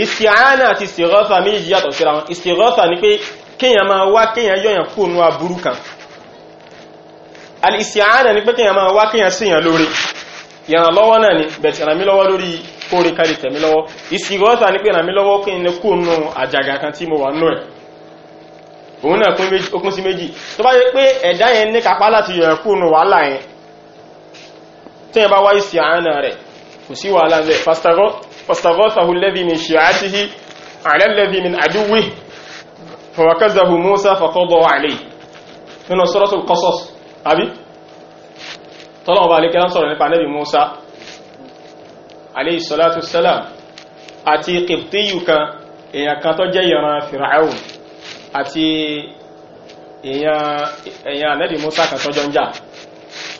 ìsìáánà àti ìsìrọ́fà méjì yàtọ̀ síra wọn ìsìrọ́fà ni pé kéèyàn máa wá kéèyàn yọ̀yàn kó nú aburú kan ìsìáánà ni pé kéèyàn máa wá kéèyàn síyàn lórí ìyàn lọ́wọ́ náà ni bẹ̀tẹ̀ ràn mí lọ́wọ́ lórí kóre kárí tẹ̀mí lọ́wọ́ ìsìrọ́fà ni pé ràn mí lọ́wọ́ kéèyàn kó nú àjàgà kan tí tẹ́yìn bá wá isti'ana rẹ̀ kò sí wàhálà ń bẹ̀ fastaghathahu alladhi min shi'atihi ala alladhi min aduwwihi fawakazahu Musa faqada alayhi nínú suratul Qasas àbí tọ́lọ̀ ọba alékẹ́lá sọ̀rọ̀ nípa Nabi Musa alayhi salatu wassalam àti kìftíyù kan èèyàn kan tó ń jà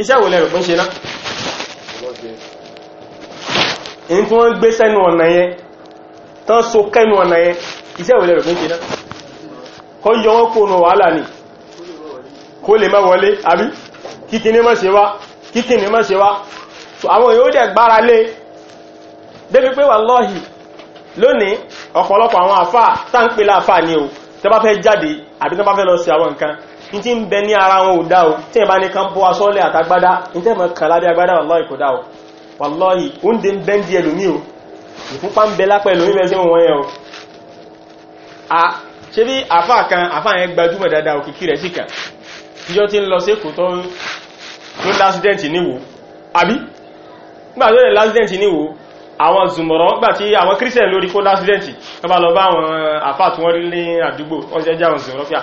iṣẹ́ wo lẹ́rù fún ṣe náà in tí wọ́n gbé sẹ́nu ọ̀nà yẹn tán so kẹ́nu ọ̀nà yẹn iṣẹ́ wo lẹ́rù fún ṣe náà kọ́ yọ wọ́n kó wàhálà ni kó lè má wọlé àbí kíkíní má ṣe wá kíkíní má ṣe wá àwọn yóò dẹ̀ gbára lé débi pé wàláhì lónìí ọ̀pọ̀lọpọ̀ àwọn àfáà tá ń pè láàfáà ni o tẹ́ fẹ́ jáde àbí tẹ́ fẹ́ lọ sí àwọn nǹkan ní tí ń bẹ ní ara wọn ò dá o tí ìbá ní kan bọ́ asọ́lẹ̀ àtagbádá ní tẹ́mọ̀ kan lábẹ́ agbádá wàlọ́ì kò dá o wàlọ́ì oúnjẹ ń bẹ́ ń di ẹlòmí o ìfúnpá ń bẹ lápẹ́ ẹlòmí bẹ́ sí wọn yẹn o a ṣe bí àfà kan àfà yẹn gbajúmọ̀ dáadáa òkìkí rẹ̀ sì kàn níjọ́ tí ń lọ sí kòtọ́ ló lásídẹ̀ntì níwò àbí nígbà tó lè lásídẹ̀ntì níwò àwọn zùmọ̀rọ̀ gbà tí àwọn kírísẹ̀ lórí kó lásídẹ̀ntì wọ́n bá lọ bá àwọn àfà tí wọ́n rí ní àdúgbò wọ́n jẹ́ jẹ́ àwọn zùmọ̀rọ̀ fíà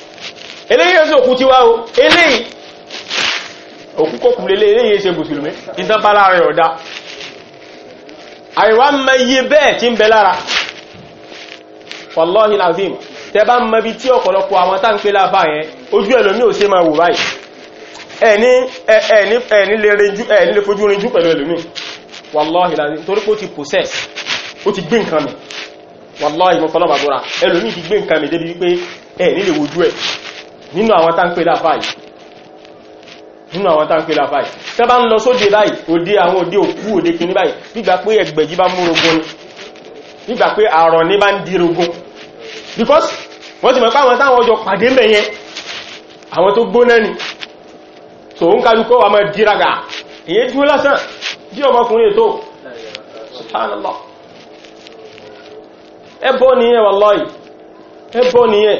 eléyìí ẹ̀sẹ̀ òkú tí wá o eléyìí òkú kọkù lélé eléyìí ẹ̀sẹ̀ mùsùlùmí ìtànpálá rẹ̀ ọ̀dá àìwá mẹ́yẹ bẹ́ẹ̀ tí ń bẹ lára wallahi lazim tẹ bá mẹ́bí tí ọ̀pọ̀lọpọ̀ àwọn tá ń pè láfà yẹn ojú ẹlòmí ò ṣe máa wò báyìí ẹni ẹni ẹni lè fojú rinjú pẹ̀lú ẹlòmí wallahi lazim torí pé ó ti possess ó ti gbé nǹkan mi wallahi mo fọlọ́ bàbúrà ẹlòmí ti gbé nǹkan mi débi wípé ẹ̀ nílè wojú ẹ̀ nínú àwọn tá ń pè láfà yìí nínú àwọn tá ń pè láfà yìí tẹ́ bá ń lọ sóde báyìí òde àwọn òde òkú òde kìíní báyìí nígbà pé ẹgbẹ̀jì bá mú rogun nígbà pé àrọ̀ ní bá ń di rogun because wọ́n ti mọ̀ pé àwọn táwọn ọjọ́ pàdé ń bẹ̀ yẹn àwọn tó gbóná ni so ń kálukọ́ wa máa díraga èyí dúró lásán bí ọmọkùnrin ètò subhanallah ẹbọ nìyẹn wallahi ẹbọ nìyẹn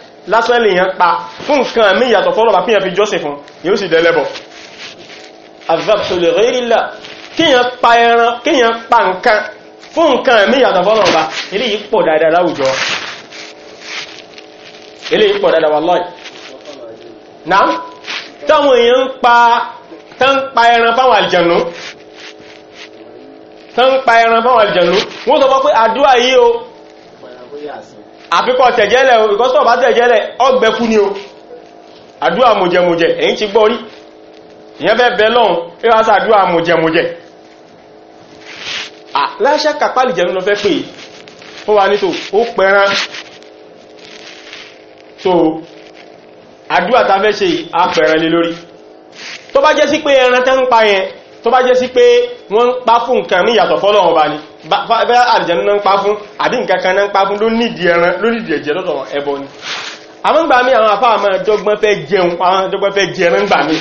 lásán lèyàn pa fún nǹkan mí yàtọ̀ fọ́lọ̀ bá píyàn fi jọ́sìn fún yóò sì dẹ́lẹ́bọ̀ azabtu li ghayrillah kíyàn pa ẹran kíyàn pa nǹkan fún nǹkan mí yàtọ̀ fọ́lọ̀ bá ilé yìí pọ̀ dáadáa láwùjọ ilé yìí pọ̀ dáadáa wallahi náà táwọn èèyàn ń pa tán pa ẹran fáwọn àlìjànú tán pa ẹran fáwọn àlìjànú wọ́n sọ pé àdúrà yìí o àbíkọ́ tẹ̀jẹ́lẹ̀ o ìkọ́sọ̀ bá tẹ̀jẹ́lẹ̀ ọgbẹ́ fún ni o àdúrà mọ̀jẹ̀mọ̀jẹ̀ èyí ti gbọ́ rí ìyẹn fẹ́ bẹ lọ́hun ìwáṣà àdúrà mọ̀jẹ̀mọ̀jẹ̀ láṣẹ́ kàpálì jẹ́ lọ́fẹ́ pé ó wà nítò ó pẹran so àdúrà ta fẹ́ ṣe apẹran lé lórí tó bá jẹ́ sí pé ẹran tẹ́ ń pa yẹn tó bá jẹ́ sí bẹ́ẹ̀ àlìjẹ̀nú náà ń pa fún àbí nǹkan kan náà ń pa fún ló nídìí ẹran ló nídìí ẹ̀jẹ̀ lọ́dọ̀ ẹbọ ni àwọn gbà mí àwọn afáàmọ́ ọjọ́gbọ́n fẹ́ jẹun àwọn ọjọ́gbọ́n fẹ́ jẹun gbà mí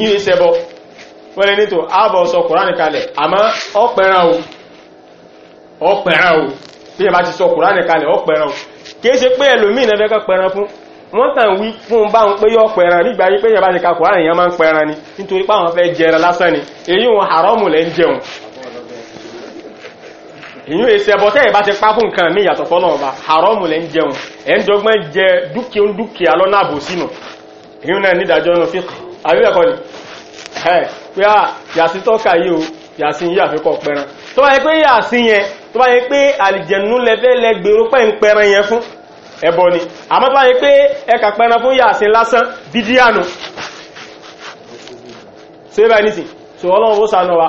yí ẹsẹ̀ bọ́ wọ́n lè nítò ààbọ̀ sọ kùránì kalẹ̀ àmọ́ ọ̀pẹ̀ràn o ọ̀pẹ̀ràn o tí ẹ bá ti sọ kùránì kalẹ̀ ọ̀pẹ̀ràn o kìí ṣe pé ẹlòmíì náà fẹ́kọ̀ pẹ̀ràn fún wọ́n ìyún èsì ẹbọtẹ́ ìbá ti pá fún nǹkan mí ìyàtọ̀ fọ́lọ́wọ́ bá haramu lẹ́ ń jẹun ẹ̀ jẹ dúkìá ń dúkìá lọ́nà àbòsínú ìyún náà nídàjọ́ inú fíkì àríwẹ̀kọ́ ni ẹ̀ pé à yàsí tọ́ka yìí o yàsí yìí àfikọ́ pẹran tó bá yẹ pé yàsí yẹn tó bá yẹ pé àlìjẹ̀nú ń pẹran yẹn fún ẹbọ ni tó bá yẹ pé ẹkà pẹran fún lásán ṣé báyìí ọlọ́run ó wa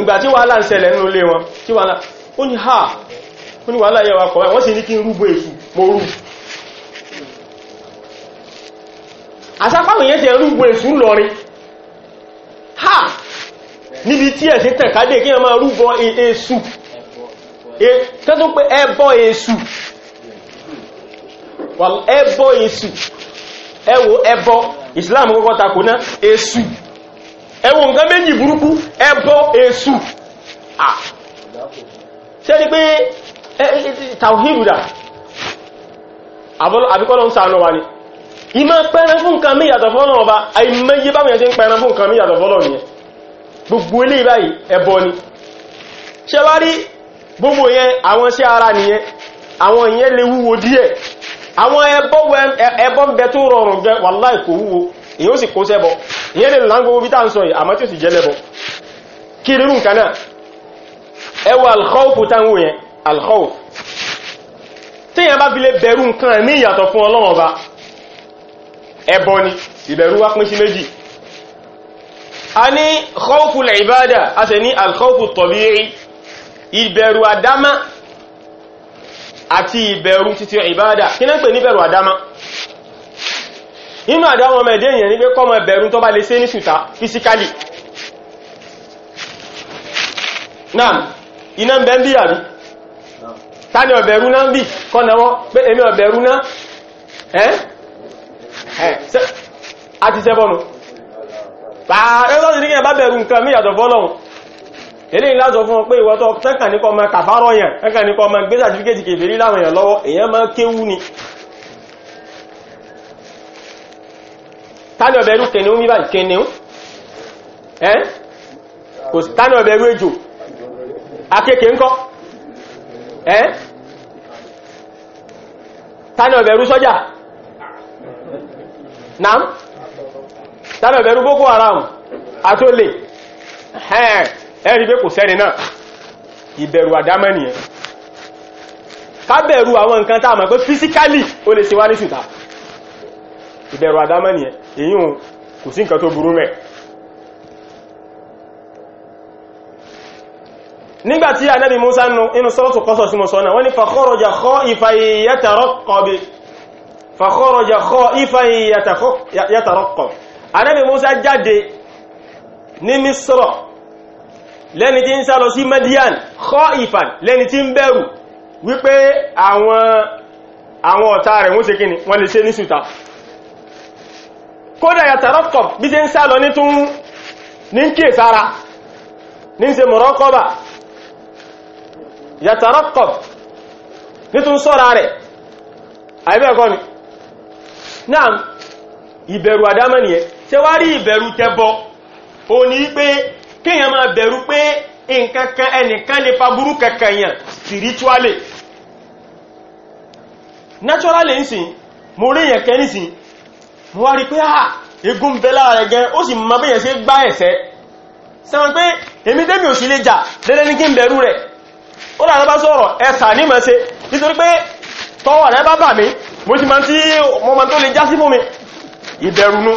ìgbà tí wàhálà ń ṣẹlẹ̀ nínú ilé wọn tí ó ní ha ó ní wàhálà yẹwà kọ̀wàá wọ́n sì ní kí n rúgbò èṣù mo rú ti rúgbò èṣù lọrin ha níbi tí ẹ̀sìn tẹ̀kádé kí wọ́n máa e-, e, ẹbọ ẹbọ Islam kọ́kọ́ takò ẹwọ nǹkan méjì burúkú ẹbọ èṣù à ṣẹ́ni pé tàwíìrùdà àbíkọ́lọ́ ń sàánà wa ni ìmọ̀ pẹran fún nǹkan méyàtọ̀ fọ́nà ọba àìmẹ́yẹ báwọn yẹn ti ń fún nǹkan méyàtọ̀ fọ́nà nìyẹn gbogbo ilé báyìí ẹbọ ni ṣe wá rí gbogbo yẹn àwọn sí ara nìyẹn àwọn ìyẹn lè wúwo díẹ̀ àwọn ẹbọ ń bẹ tó rọrùn jẹ wàláì kò wúwo èyí ó sì kó sẹ́bọ ìyẹn lè lọ́nà gbogbo bítà ń sọ yìí àmọ́ tí ó sì jẹ́ lẹ́bọ kí irú nǹkan náà ẹwà alkhawfu táwọn yẹn alkhawfu tí yẹn bá fi lè bẹ̀rù nǹkan ní ìyàtọ̀ fún Ọlọ́run Ọba ẹbọ ni ìbẹ̀rù wá pín sí méjì a ní khawfu al-ibada a sì ní alkhawfu at-tabi'i ìbẹ̀rù àdámá àti ìbẹ̀rù títí ìbádà kí náà pè ní bẹ̀rù àdámá inú àdá wọn mẹ́dé èèyàn ní pé kọ́mọ ẹ̀bẹ̀rún tó bá lè ṣe ní ṣùtá fisikali náà iná ń bẹ ń bí àrí tàbí ọ̀bẹ̀rún náà ń bí kọ́nà wọn pé èmi ọ̀bẹ̀rún náà ẹ́ àti sẹ́bọ̀nù ilé ìlàjọ fún pé ìwọ́tọ̀ tẹ́kà ní kọ́ mọ́ kàfàrọ̀ yẹn tẹ́kà ní kọ́ kèfèrí láwọn èèyàn lọ́wọ́ èèyàn ma kéwú ni tánà ọ̀bẹ̀rú kẹnìún mi báyìí kẹnìún ẹ́ kò tánà ọ̀bẹ̀rú ejò akéèké ńkọ́ ẹ́ tánà ọ̀bẹ̀rú sọ́jà nám tánà ọ̀bẹ̀rú boko haram àtólè ẹ̀rí pé kò sẹ́ni náà ìbẹ̀rù àdámọ́ nìyẹn ká bẹ̀rù àwọn nǹkan tá a mọ̀ pé físíkálì ó lè ṣe wá ní ṣùtà ìbẹ̀rù àdámọ́ nìyẹn èyí ò kò sí nǹkan tó burú mẹ́ nígbàtí ànábì Musa inú sọ́rọ̀tù kọ́sọ̀ sí mọ̀sọ́ náà wọ́n ni fakharaja khaifan yataraqqab fakharaja khaifan yataraqqab ànábì Musa jáde ní Misra lẹ́ni tí ń sá lọ sí Madian khaifan lẹ́ni wípé àwọn ọ̀tá rẹ̀ wọ́n ṣe kíni wọ́n lè ṣe ní sùta kódà yàtàrọ́kọ̀ bí ṣe ń sá lọ ní tún ní kí è sára ní ṣe mọ̀rọ́kọ́bà yàtàrọ́kọ̀ ní tún sọ́ra rẹ̀ àìbẹ́ẹ̀kọ́ ni náà ìbẹ̀rù wá rí ìbẹ̀rù tẹbọ o ní pé kíyàn máa bẹ̀rù pé nǹkankan ẹnìkan lè fa burú spiritually naturally nsìn mo mo wá rí pé à ah, egun bẹ rẹ̀ gan ó sì mọ bí yẹn gbá ẹ̀sẹ̀ sẹ́wọ̀n pé èmi tẹ́mi òsì lè jà dédé ní kí n bẹ̀rù rẹ̀ ó lànà bá sọ̀rọ̀ ẹ̀sà ní nítorí pé rẹ̀ bá bà mí mo ti máa tí mo máa tó lè já sí fún mi ìbẹ̀rù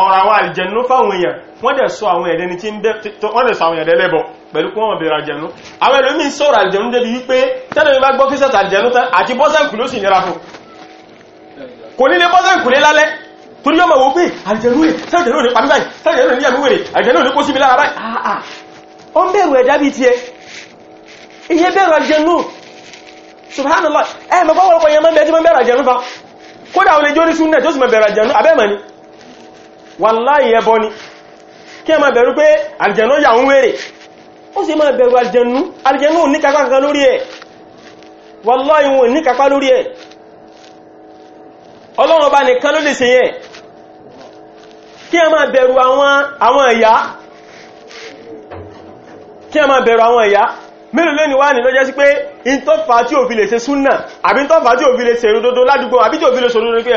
ọ̀rọ̀ àwọn àlìjẹ̀nú fáwọn èèyàn wọ́n dẹ̀ sọ àwọn ẹ̀dẹ́ ni tí wọ́n dẹ̀ sọ àwọn ẹ̀dẹ́ lẹ́bọ̀ pẹ̀lú kí wọ́n bèèrè àlìjẹ̀nú àwọn ẹlòmí sọ̀rọ̀ àlìjẹ̀nú débi wípé tẹ́lẹ̀ bá gbọ́ kí sẹ́ta àlìjẹ̀nú tán àti bọ́sẹ̀kù ló sì nira fún kò ní lè bọ́sẹ̀kù lé lálẹ́ torí ọmọ wo pé àlìjẹ̀nú rẹ̀ sẹ́jẹ̀nú rẹ̀ pàmí báyìí sẹ́jẹ̀nú rẹ̀ níyàmú wèrè àlìjẹ̀nú rẹ̀ kó sí mi lára báyìí àà ah, ah. ó ń bẹ̀rù ẹ̀dá bíi tiẹ̀ iye bẹ̀rù àlìjẹ̀nú subhanallah ẹ̀ mọ̀ bọ́wọ́ ọ̀pọ̀ yẹn máa ń bẹ̀rù àlìjẹ̀nú fa kódà ò lè jórí súnà jọ́sùn mọ̀ bẹ̀rù àlìjẹ̀nú abẹ́mọ̀ ni wàláì ẹbọ ni kí ẹ máa bẹ̀rù pé àlìjẹ̀nú yà ń wèrè ó sì máa bẹ̀rù àlìjẹ̀nú àlìjẹ̀nú ò ní kápá kankan lórí ẹ̀ wàláì wọn ò ní kápá lórí ẹ̀ ọlọ́run ọba nìkan ló lè ṣe yẹ kí ẹ máa bẹ̀rù àwọn ẹ̀yà kí ẹ máa bẹ̀rù àwọn ẹ̀yà mélòó lé ní wá ní lọ́jẹ́ sí pé in tó fà tí ò fi lè ṣe súnnà àbí tó fà tí ò fi lè ṣe òdodo ládùgbò àbí tí ò fi lè ṣe òdodo pé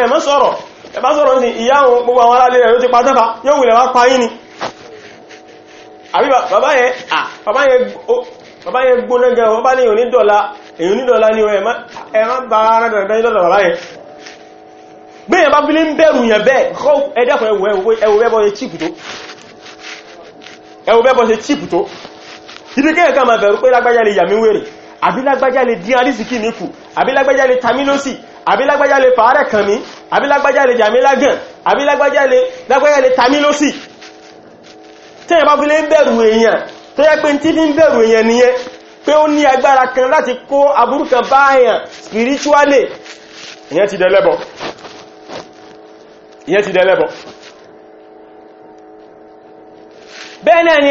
ẹ̀mọ́ sọ̀rọ̀ ẹ̀bá sọ̀rọ̀ sí ìyá àwọn gbogbo àwọn alálẹ́ rẹ̀ ló ti pátápá yóò wùlẹ̀ wá pa yín ni àbí bàbá yẹn bàbá yẹn gbóná gẹ bàbá ní òní dọ̀la èyí ní dọ̀la ní ẹ̀má bá ara dandan lọ́dọ̀ bàbá yẹn gbé yẹn bá fi lé ń bẹ̀rù yẹn bẹ́ẹ̀ ẹ̀dẹ́kùn ẹwù bẹ́bọ̀ ṣe chíìpù tó ẹwù bẹ́bọ̀ ṣe chíìpù tó ìdí kéèyàn kan máa bẹ̀rù pé lágbájá lè yàmí wèrè àbí lágbájá lè dín arísìkí mi kù àbí lágbájá lè tamílọ́sì àbílágbájá lè fàárẹ̀ kàn mí àbílágbájá lè jàmílágàn àbílágbájá lè tamílósì tí ẹ bá fi lè bẹ̀rù èèyàn tó yẹ pé tí fi ń bẹ̀rù èèyàn nìyẹn pé ó ní agbára kan láti kó aburú kan spiritually ti dẹ̀lẹ́bọ̀ ìyẹn ti dẹ̀lẹ́bọ̀ bẹ́ẹ̀ náà ni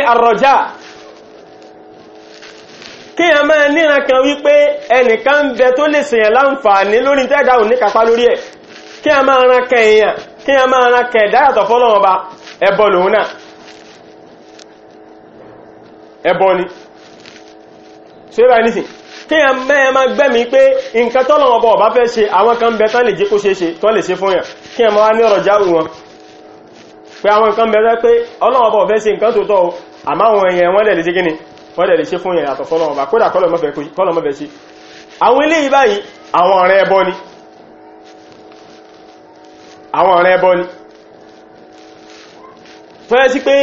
kí ẹ máa níran kan wípé ẹnìkan ń bẹ tó lè ṣèyàn láǹfààní lórí tẹ́ẹ̀dá ní lórí ẹ̀ kí ẹ máa ran kan kí ẹ máa ran ba ẹbọ lòun náà ẹbọ ni ṣe bá nísìn kí ẹ mẹ́ẹ̀ máa kpe pé nǹkan tọ́lọ́wọ́n bọ̀ bá fẹ́ ṣe àwọn kan bẹ tán lè jẹ́ kó ṣe ṣe lè ṣe fún yàn kí ẹ máa ní ọ̀rọ̀ wọn pé àwọn nǹkan pé fẹ́ ṣe nǹkan tó tọ́ àmáwọn wọ́n dẹ̀ lè ṣe fún ìyàtọ̀ fọ́lọ́wọ́n bá kódà kọ́lọ̀mọ́fẹ́ sí àwọn ilé yìí báyìí àwọn ọ̀rẹ́ ẹbọ ni àwọn ọ̀rẹ́ ẹbọ ni fẹ́ sí pé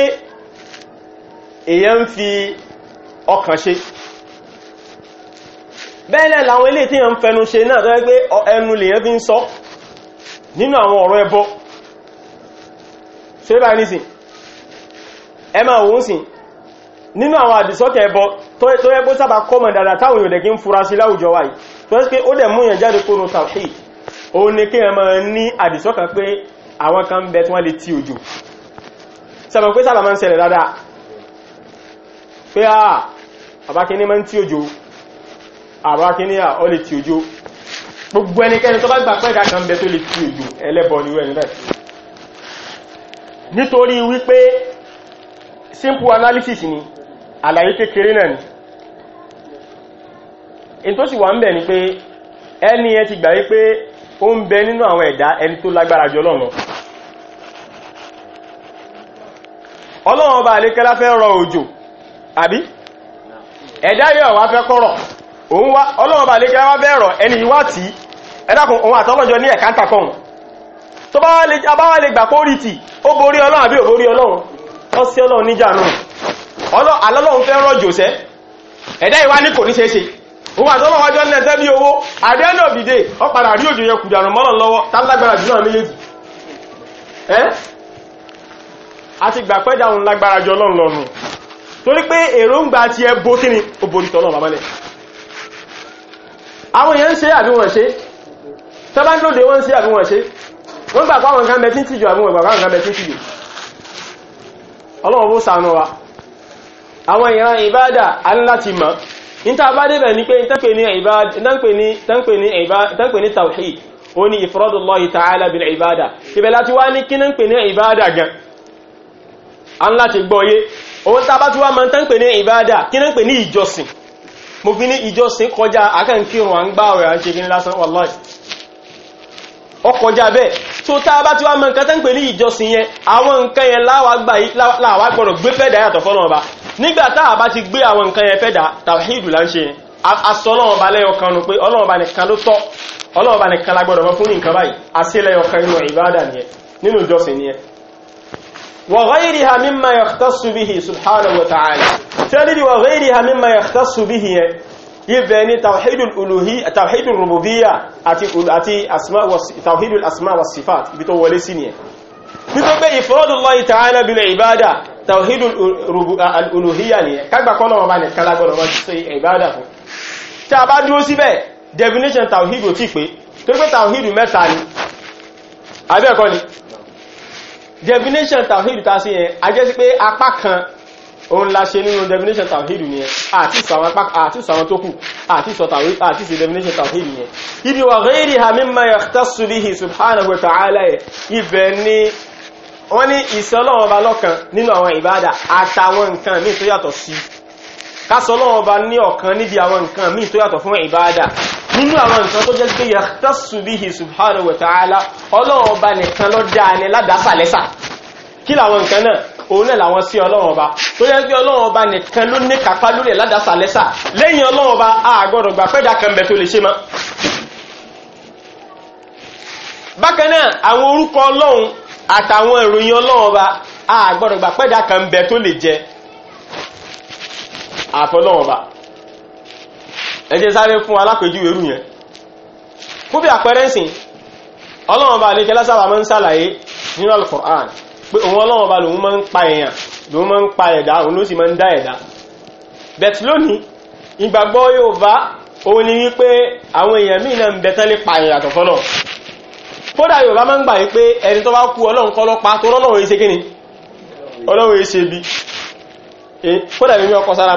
èyàn ń fi ọkàn ṣe bẹ́ẹ̀lẹ̀ làwọn ilé tí yàn ń fẹnu ṣe náà tó yẹ pé ẹnu lèyàn fi ń sọ nínú àwọn ọ̀rọ̀ ẹbọ ṣe bá nísìn ẹ máa wòó sìn nínú àwọn àdìsọ́kẹ̀ ẹbọ tó yẹ kó sábà kọ́mọ̀ dada táwọn yóò dẹ̀kí ń fura sí láwùjọ wáyìí tó yẹ pé ó dẹ̀ mú yẹn jáde kónú tawhid òun ni kí ẹmọ ní àdìsọ́kẹ̀ pé àwọn kan bẹ tí wọ́n lè ti òjò sábà pé sábà máa ń ṣẹlẹ̀ dada pé a àbákiní máa ń ti òjò àbákiní à ọ lè simple analysis ni àlàyé kékeré náà ni in tó wà ń bẹ̀ ni pé ẹni ẹ ti gbà yí pé ó ń bẹ nínú àwọn ẹ̀dá ẹni tó lágbára jọ lọ́nà ọlọ́run ọba àlékẹ́lá fẹ́ rọ òjò àbí ẹ̀dá yẹ̀ wá fẹ́ kọ́rọ̀ ọlọ́run ọba àlékẹ́lá wá fẹ́ rọ ẹni ìwá tí ẹ̀dàkùn àtọ́lọ́jọ ní tó bá wá lè gbà kórìtì ó borí àbí ò borí ọ sí alọ́lọ́run fẹ́ rọ̀ jòsẹ́ ẹ̀dá ìwá ní kò ní ṣeéṣe òun àtọ́lọ́wọ́ ọjọ́ nílẹ̀ tẹ́bí owó àdéhùn òbìdè ọ rí òjò yẹn kùdàrùn mọ́lọ̀ lọ́wọ́ tálágbára jù náà méjèèjì àti ti ẹ àwọn ìran ìbádà aláti mọ̀ níta bá débẹ̀ ní pé tánpẹ̀ ní tawhid ó ní ifradullahi ta'ala bil ìbádà ibẹ̀ láti wá ní kí náà pè ní ìbádà gan an láti gbọ́yé òun tá bá tí wá mọ́ tánpẹ̀ ní ìbádà kí náà pè ní ìjọsìn mo fi ní ìjọsìn kọjá akẹ́kírùn-ún àgbáwẹ̀ àti kí ní lásán ọkọjá bẹ́ẹ̀ tó tá a bá ti wá mọ nǹkan tó ń pè ní ìjọsìn yẹn àwọn nǹkan yẹn láwa gbọ́dọ̀ gbé fẹ́dà yàtọ̀ fọ́nà ọba nígbà tá a bá ti gbé àwọn nǹkan yẹn fẹ́dà tàwíìdù là ń ṣe yẹn aṣọ ọlọ́run ọba lẹ́yọkan nu pé ọlọ́run ọba nìkan ló tọ́ ọlọ́run ọba nìkan la gbọ́dọ̀ mọ fún ibẹ̀ ni tawhidul uluhi tawhidul rububiyya àti àti asma wa tawhidul asma wa sifat ibi tó wọlé sí ni e bí tó be ifradullahi ta'ala bil ibada tawhidul uluhiyya ni ká gbà ko lo ba ni kala gboro wa so ibada fún tá bá dúró síbẹ̀ definition ní definition sí pé apá ó ń láṣe nínú definition tawhid nìyẹn àti ìsàwọn tó kù àti ìsọ̀tàwí àti ìsì definition tawhid nìyẹn ibi wà gẹ́rì ha mimma yakhtassu bihi subhanahu wa ta'ala ẹ̀ ibẹ̀ ni wọ́n ní ìsọlọ́wọ́ba lọ́kan nínú àwọn ìbádà àtàwọn nǹkan míì tó yàtọ̀ sí kásọlọ́wọ́ba ní ọ̀kan níbi àwọn nǹkan míì tó yàtọ̀ fún ìbádà nínú àwọn nǹkan tó jẹ́ pé yakhtassu bihi subhanahu wa ta'ala ọlọ́wọ́ba nìkan ló dáa ní ládàásàlẹ́sà kí làwọn nǹkan náà òun náà làwọn sí ọlọ́run ọba tó yẹ kí ọlọ́run ọba nìkan ló ní kápá lórí lẹ́sà lẹ́yìn ọlọ́run a gbà pẹ́dà kan bẹ̀ tó lè ṣe mọ́. bákan náà àwọn orúkọ ọlọ́run àtàwọn ìròyìn ọlọ́run a gbà pẹ́dà kan bẹ̀ tó lè jẹ àfọlọ́run ọba ẹ jẹ́ sáré fún alápèjúwe rú yẹn fún bí àpẹẹrẹ ń sìn ọlọ́run ọba àlejò lásàbà pé òun ọlọ́wọ́n bá lòun máa ń pa èèyàn lòun máa ń pa ẹ̀dá òun ló sì máa ń dá ẹ̀dá bẹ̀t lónìí ìgbàgbọ́ Yorùbá òun ni wípé àwọn èèyàn míì náà ń bẹ tán lè pa èèyàn àtọ̀ fọ́nà kódà Yorùbá máa ń gbà wípé ẹni tó bá kú Ọlọ́run kọ́ ló pa tó rọ́lọ́run èsè kíni Ọlọ́run èsè bí e, kódà mímí ọkọ̀ sára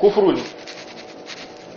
kúfùrù ni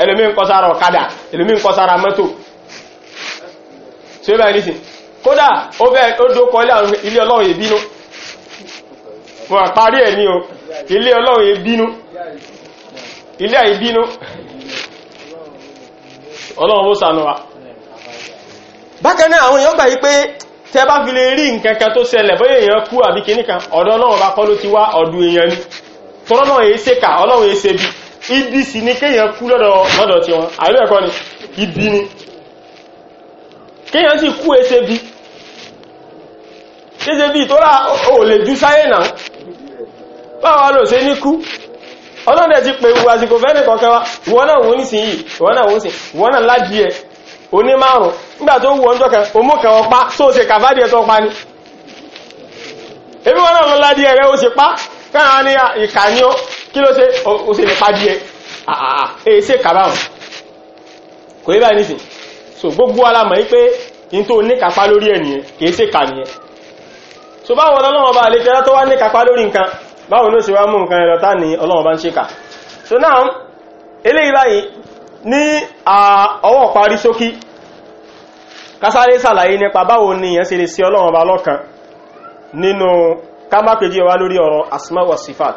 ẹlòmí ń kọsára ọ̀kadà ẹlòmí ń kọsára nìsìn kódà ó bẹ̀rẹ̀ ó dókọ ilé ọlọ́run bínú? àparí ẹ̀ ní o ilé ọlọ́run bínú? ilé ìbínú ọlọ́run ó ṣàánú wa àwọn èèyàn gbà yí pé bá fi lè rí tó èèyàn kú bá kọ́ ló ti wá èèyàn ni ibi sì ni kéèyàn kú lọ́dọ̀ tí wọn àìbẹ̀ ni ibi ni kéèyàn sì kú ẹsẹ bí kéèsẹ bí tó rà o lè jú sáyé náà báwa lò ṣe ní kú ọlọ́dẹ̀ ti pè wù àsìkò fẹ́ni wọ́n náà wọ́n yìí wọ́n lájí ẹ oní márùn nígbà tó wù ọjọ́ kan kan ọpá ṣe ni wọ́n ó ṣe kí ló ṣe ó ṣe nípa díẹ̀ àà ah, èyí ah, ah. ṣe kàbáhùn kò yíba nísìn so gbogbo alamọ̀ yí pé in tó níkàpá lórí ẹ̀nìyàn kìí ṣe kà nìyẹn so báwọn ọlọ́wọ́n bá lè fẹ́lá tó wá níkàpá lórí nǹkan báwọn ló ṣe wá mú nǹkan ẹ̀rọ ní ọlọ́wọ́n ń ṣe kà so now eléyìí báyìí ní ọwọ́ parí ṣókí kásáré sàlàyé nípa ni ìyẹn ṣe lè sí ọlọ́wọ́n bá lọ́kan nínú ká má asma wa sifat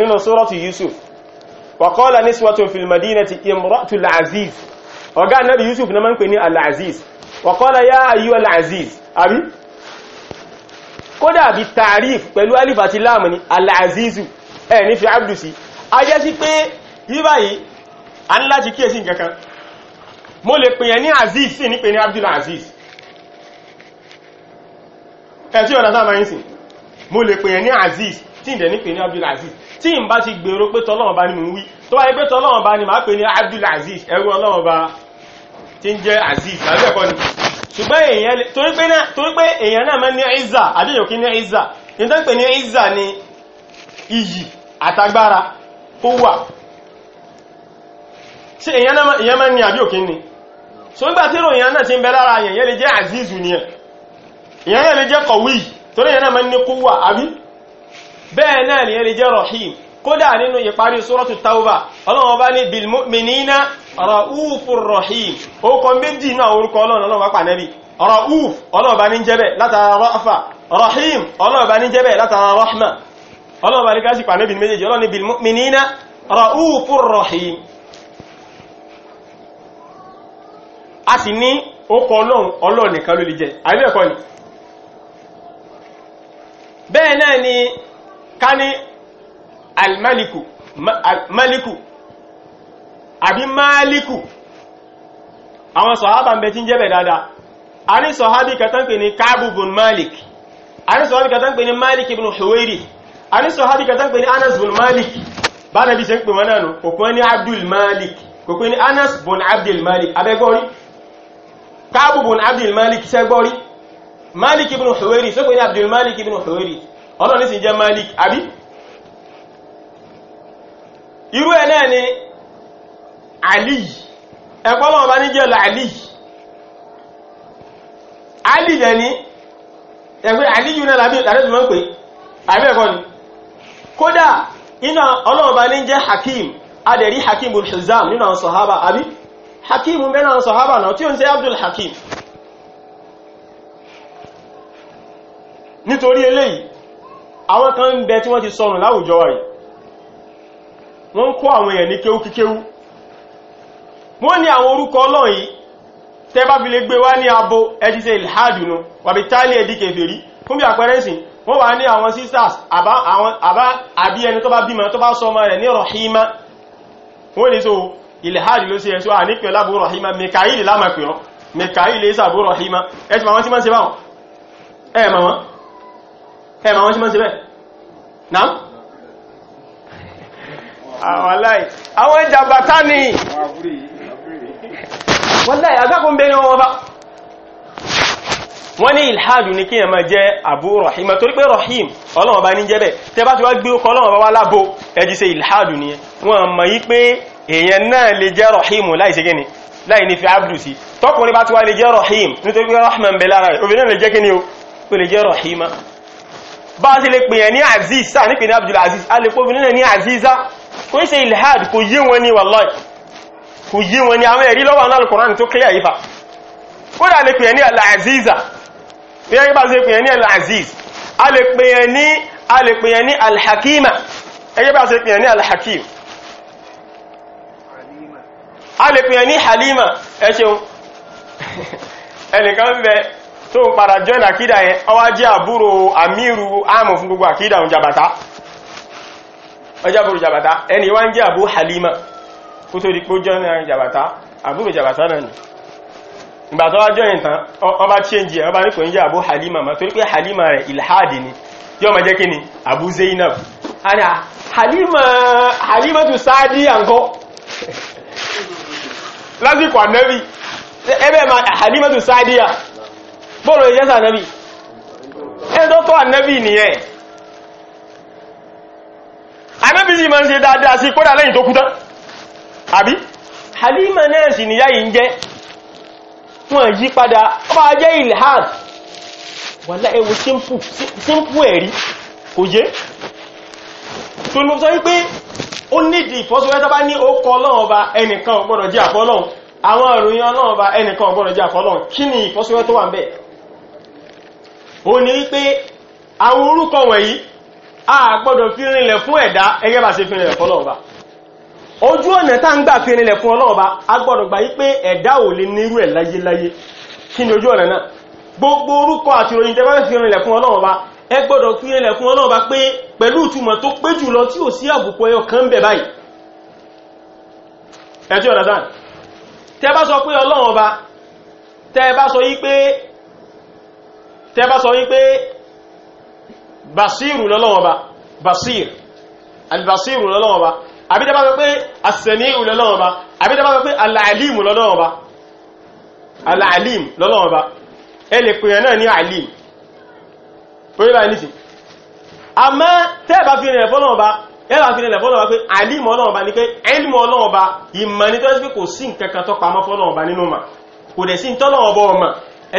nínú suratu Yusuf wa qala niswatun fil madinati imratul aziz ọ̀gá Ànábì Yusuf na máa ń pè ní al-aziz wa qala ya ayyuhal aziz àbí kódà bí tààríf pẹ̀lú alif àti láàmù ni al-azizu ẹ̀ ní fi abdu sí ayé sí pé yíba a ń láti kíyèsí nǹkankan mo lè pèyàn ní aziz sí ní pè ní abdul aziz ẹ̀ tí ọ̀nà sáà máa ń sìn mo lè pèyàn ní aziz tí ìdẹ̀ ní pè ní abdul tí n bá ti gbèrò pé tọ́lọ́wọ́n bá ní mú wí tó wáyé pé tọ́lọ́wọ́n bá ní máa pè ní Abdul Aziz ẹrú ọlọ́wọ́n tí ń Aziz lábẹ́ẹ̀kọ́ ni ṣùgbọ́n èèyàn náà máa ní Izza ní Izza ní tó ń pè ní Izza ni iyì àtagbára wà èèyàn ní ni ròyìn náà ti ń bẹ bẹ́ẹ̀ náà ni ẹni jẹ́ rahim kódà nínú ìparí sórọ́tù tauba ọlọ́run bá ní bilmu'minina ra'ufur rahim ó kọ méjì náà orúkọ ọlọ́run ọlọ́run bá pànẹ́bí ra'uf ọlọ́run bá ní jẹ́bẹ̀ látara ra'afa rahim ọlọ́run ọlọ́run nìkan ló lè jẹ àbí ni bẹ́ẹ̀ náà ni ká ní almaliku maliku àbí maliku àwọn sọ̀hábà ń bẹ tí ń jẹ́bẹ̀ dáadáa a ní sọ̀hábì kẹtàn pè ní káàbùbùn malik a ní sọ̀hábì kẹtàn pè ní malik ibn huwairi a ní sọ̀hábì kẹtàn pè ní anas bun malik bá nàbí ṣe ń pè mọ́nà nù kò pín ní abdul malik kò pín ní anas bun abdul malik abẹ́gbọ́rí káàbùbùn abdul malik sẹ́gbọ́rí malik ibn huwairi sọ́pẹ́ ní abdul malik ibn huwairi ọlọ́run sì jẹ́ malik àbí irú ẹ̀ náà ni ali ẹ̀pọ́ ọba ní jẹ́ ali ali ní ẹgbẹ́ ali yìí náà lábí ìtàrẹ́sùn mọ́ àbí ẹ̀kọ́ ni kódà iná ọlọ́run ní jẹ́ hakim adẹ̀rí hakim hizam nínú àwọn abi àbí hakim bẹ́ẹ̀ náà tí ó ń sẹ́ abdul hakim nítorí eléyìí àwọn kan ń bẹ tí wọ́n ti sọnù láwùjọ wa yìí wọ́n ń kó àwọn èèyàn ní kéwú kíkéwú wọ́n ní àwọn orúkọ ọlọ́run yìí tẹ́ bá fi lè gbé wá ní abo ẹjí ṣe ìlhádù nù wàbí táìlì ẹ̀dí kèfèrí fún bí àpẹẹrẹ sí wọ́n wà ní àwọn sisters àbí ẹni tó bá bímọ tó bá sọ ọmọ rẹ̀ ní rọ̀hímá wọ́n ní so ìlhádù ló sí ẹ̀ṣọ́ àníkẹ́ lábú rọ̀hímá mẹ́kàílì lámàpẹ̀ọ́ mẹ́kàílì ìsàbú rọ̀hímá ẹ̀ṣọ́ àwọn tí wọ́n ti báwọn ẹ̀mọ̀ wọn ẹ ma wọ́n sí mọ́ sí bẹ́ náà àwọn aláì àwọn ìjàbàtà ni wọ́n láì agbákùn bẹ́ ní wọn bá wọ́n ní ìlhàjù ní kí ẹ ma jẹ́ Abu Rahim torí pé Rahim Ọlọ́run bá ní jẹ́ bẹ́ tẹ bá ti wá gbé ọkọ̀ Ọlọ́run bá wá lábò ẹjí ṣe ìlhàjù ní wọ́n mọ̀ yí pé èèyàn náà lè jẹ́ Rahim láì ṣe gẹ́ni láì ní fi abdù sí tọkùnrin bá ti wá lè jẹ́ Rahim nítorí pé Rahman bẹ̀ lára rẹ̀ obìnrin lè Rahima bá ṣe lè pèyàn ní aziz sáà ní pè ní abdul aziz a lè pòfin nílẹ̀ ní aziza kò ń ṣe ilhad kò yé wọn ní wallahi kò yé wọn ní àwọn ẹ̀rí lọ́wọ́ náà kòrán tó kílẹ̀ ìfà ó dà lè pèyàn ní ní al-aziz bá ṣe pèyàn ní ní halima tó ń padà join àkídà yẹn ọwá jẹ́ àbúrò àmírù àmù fún gbogbo àkídà òun jàbàtá ọjàbúrò jàbàtá ẹni wá ń jẹ́ àbú halima kó tó di pé join àrin jàbàtá àbúrò jàbàtá náà ni ìgbà tó wá join tán ọba change ẹ̀ ọba ní kò ń jẹ́ àbú halima ma torí pé halima rẹ̀ ilhadi ni yóò ma jẹ́ kí halima halima tu sáàdì àǹkọ́ lásìkò ànẹ́bí ẹbẹ́ ma halima tu sáàdì àǹkọ́ bọ́ọ̀lù ẹ̀jẹ̀ sà nẹ́bì ẹni tó tọ́ ànẹ́bì nìyẹn ànẹ́bì sì máa ń ṣe dáadáa sí kódà lẹ́yìn tó kú àbí Halima náà sì níyá yìí ń jẹ́ wọ́n yí padà ọba jẹ́ ilhan wọ́lá ẹwọ símpù ẹ̀rí kò yé tó ọba ẹnìkan ó ní wípé àwọn orúkọ wọ̀nyí a gbọ́dọ̀ fi rinlẹ̀ fún ẹ̀dá ẹgẹ́ bá se fi rinlẹ̀ fún ọlọ́ọ̀bá ojú ọ̀nà tá ń gbà fi rinlẹ̀ fún ọlọ́ọ̀bá a gbọ́dọ̀ gbà wípé ẹ̀dá ò lè nírú ẹ̀ kí ni ojú ọ̀nà náà gbogbo orúkọ àti oyi tẹ́ bá fi rinlẹ̀ fún ọlọ́ọ̀bá ẹ gbọ́dọ̀ fi rinlẹ̀ fún ọlọ́ọ̀bá pé pẹ̀lú ìtumọ̀ tó pé jùlọ tí ò sí àbùkù ẹyọ kan bẹ̀ báyìí ọ̀nà bá sọ tẹ́bá sọ wípé basiru lọ́lọ́wọ́ba basir albasiru lọ́lọ́wọ́ba àbí tẹ́bá sọ pé asẹ̀níù lọ́lọ́wọ́ba àbí tẹ́bá sọ pé alàálìmù lọ́lọ́wọ́ba alàálìmù lọ́lọ́wọ́ba ẹ lè pè náà ní àlìm orí bá nìsí àmá tẹ́ẹ̀bá fi rìnlẹ̀ fọ́lọ́wọ́ba ẹ̀bá fi rìnlẹ̀ fọ́lọ́wọ́ba pé àlìm ọlọ́wọ́ba ní pé ẹ̀lìm ọlọ́wọ́ba ìmọ̀ ní tọ́jú pé kò sí ẹ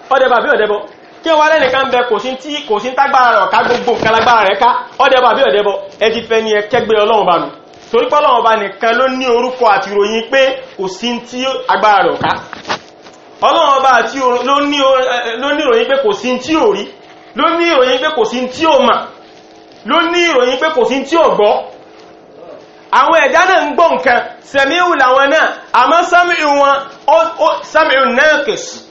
ọdẹbà bí ọdẹbọ kí wọ́n lẹ́nìkan bẹ kò sí tí kò sí tágbára rẹ̀ ọ̀ká gbogbo kalagbára rẹ̀ ká ọdẹbà bí ọdẹbọ ẹ ti fẹ́ ni ẹ kẹgbẹ́ ọlọ́run bá nù torí pé ọlọ́run bá nìkan ló ní orúkọ àti ìròyìn pé kò sí tí agbára rẹ̀ ọ̀ká ọlọ́run bá ló ní ìròyìn pé kò sí tí ò rí ló ní ìròyìn pé kò sí tí ò mà ló ní ìròyìn pé kò sí tí ò gbọ́ àwọn ẹ̀dá náà ń gbọ́ nǹkan sẹ̀míhù làwọn náà àmọ́ sẹ́míhù náà kìsì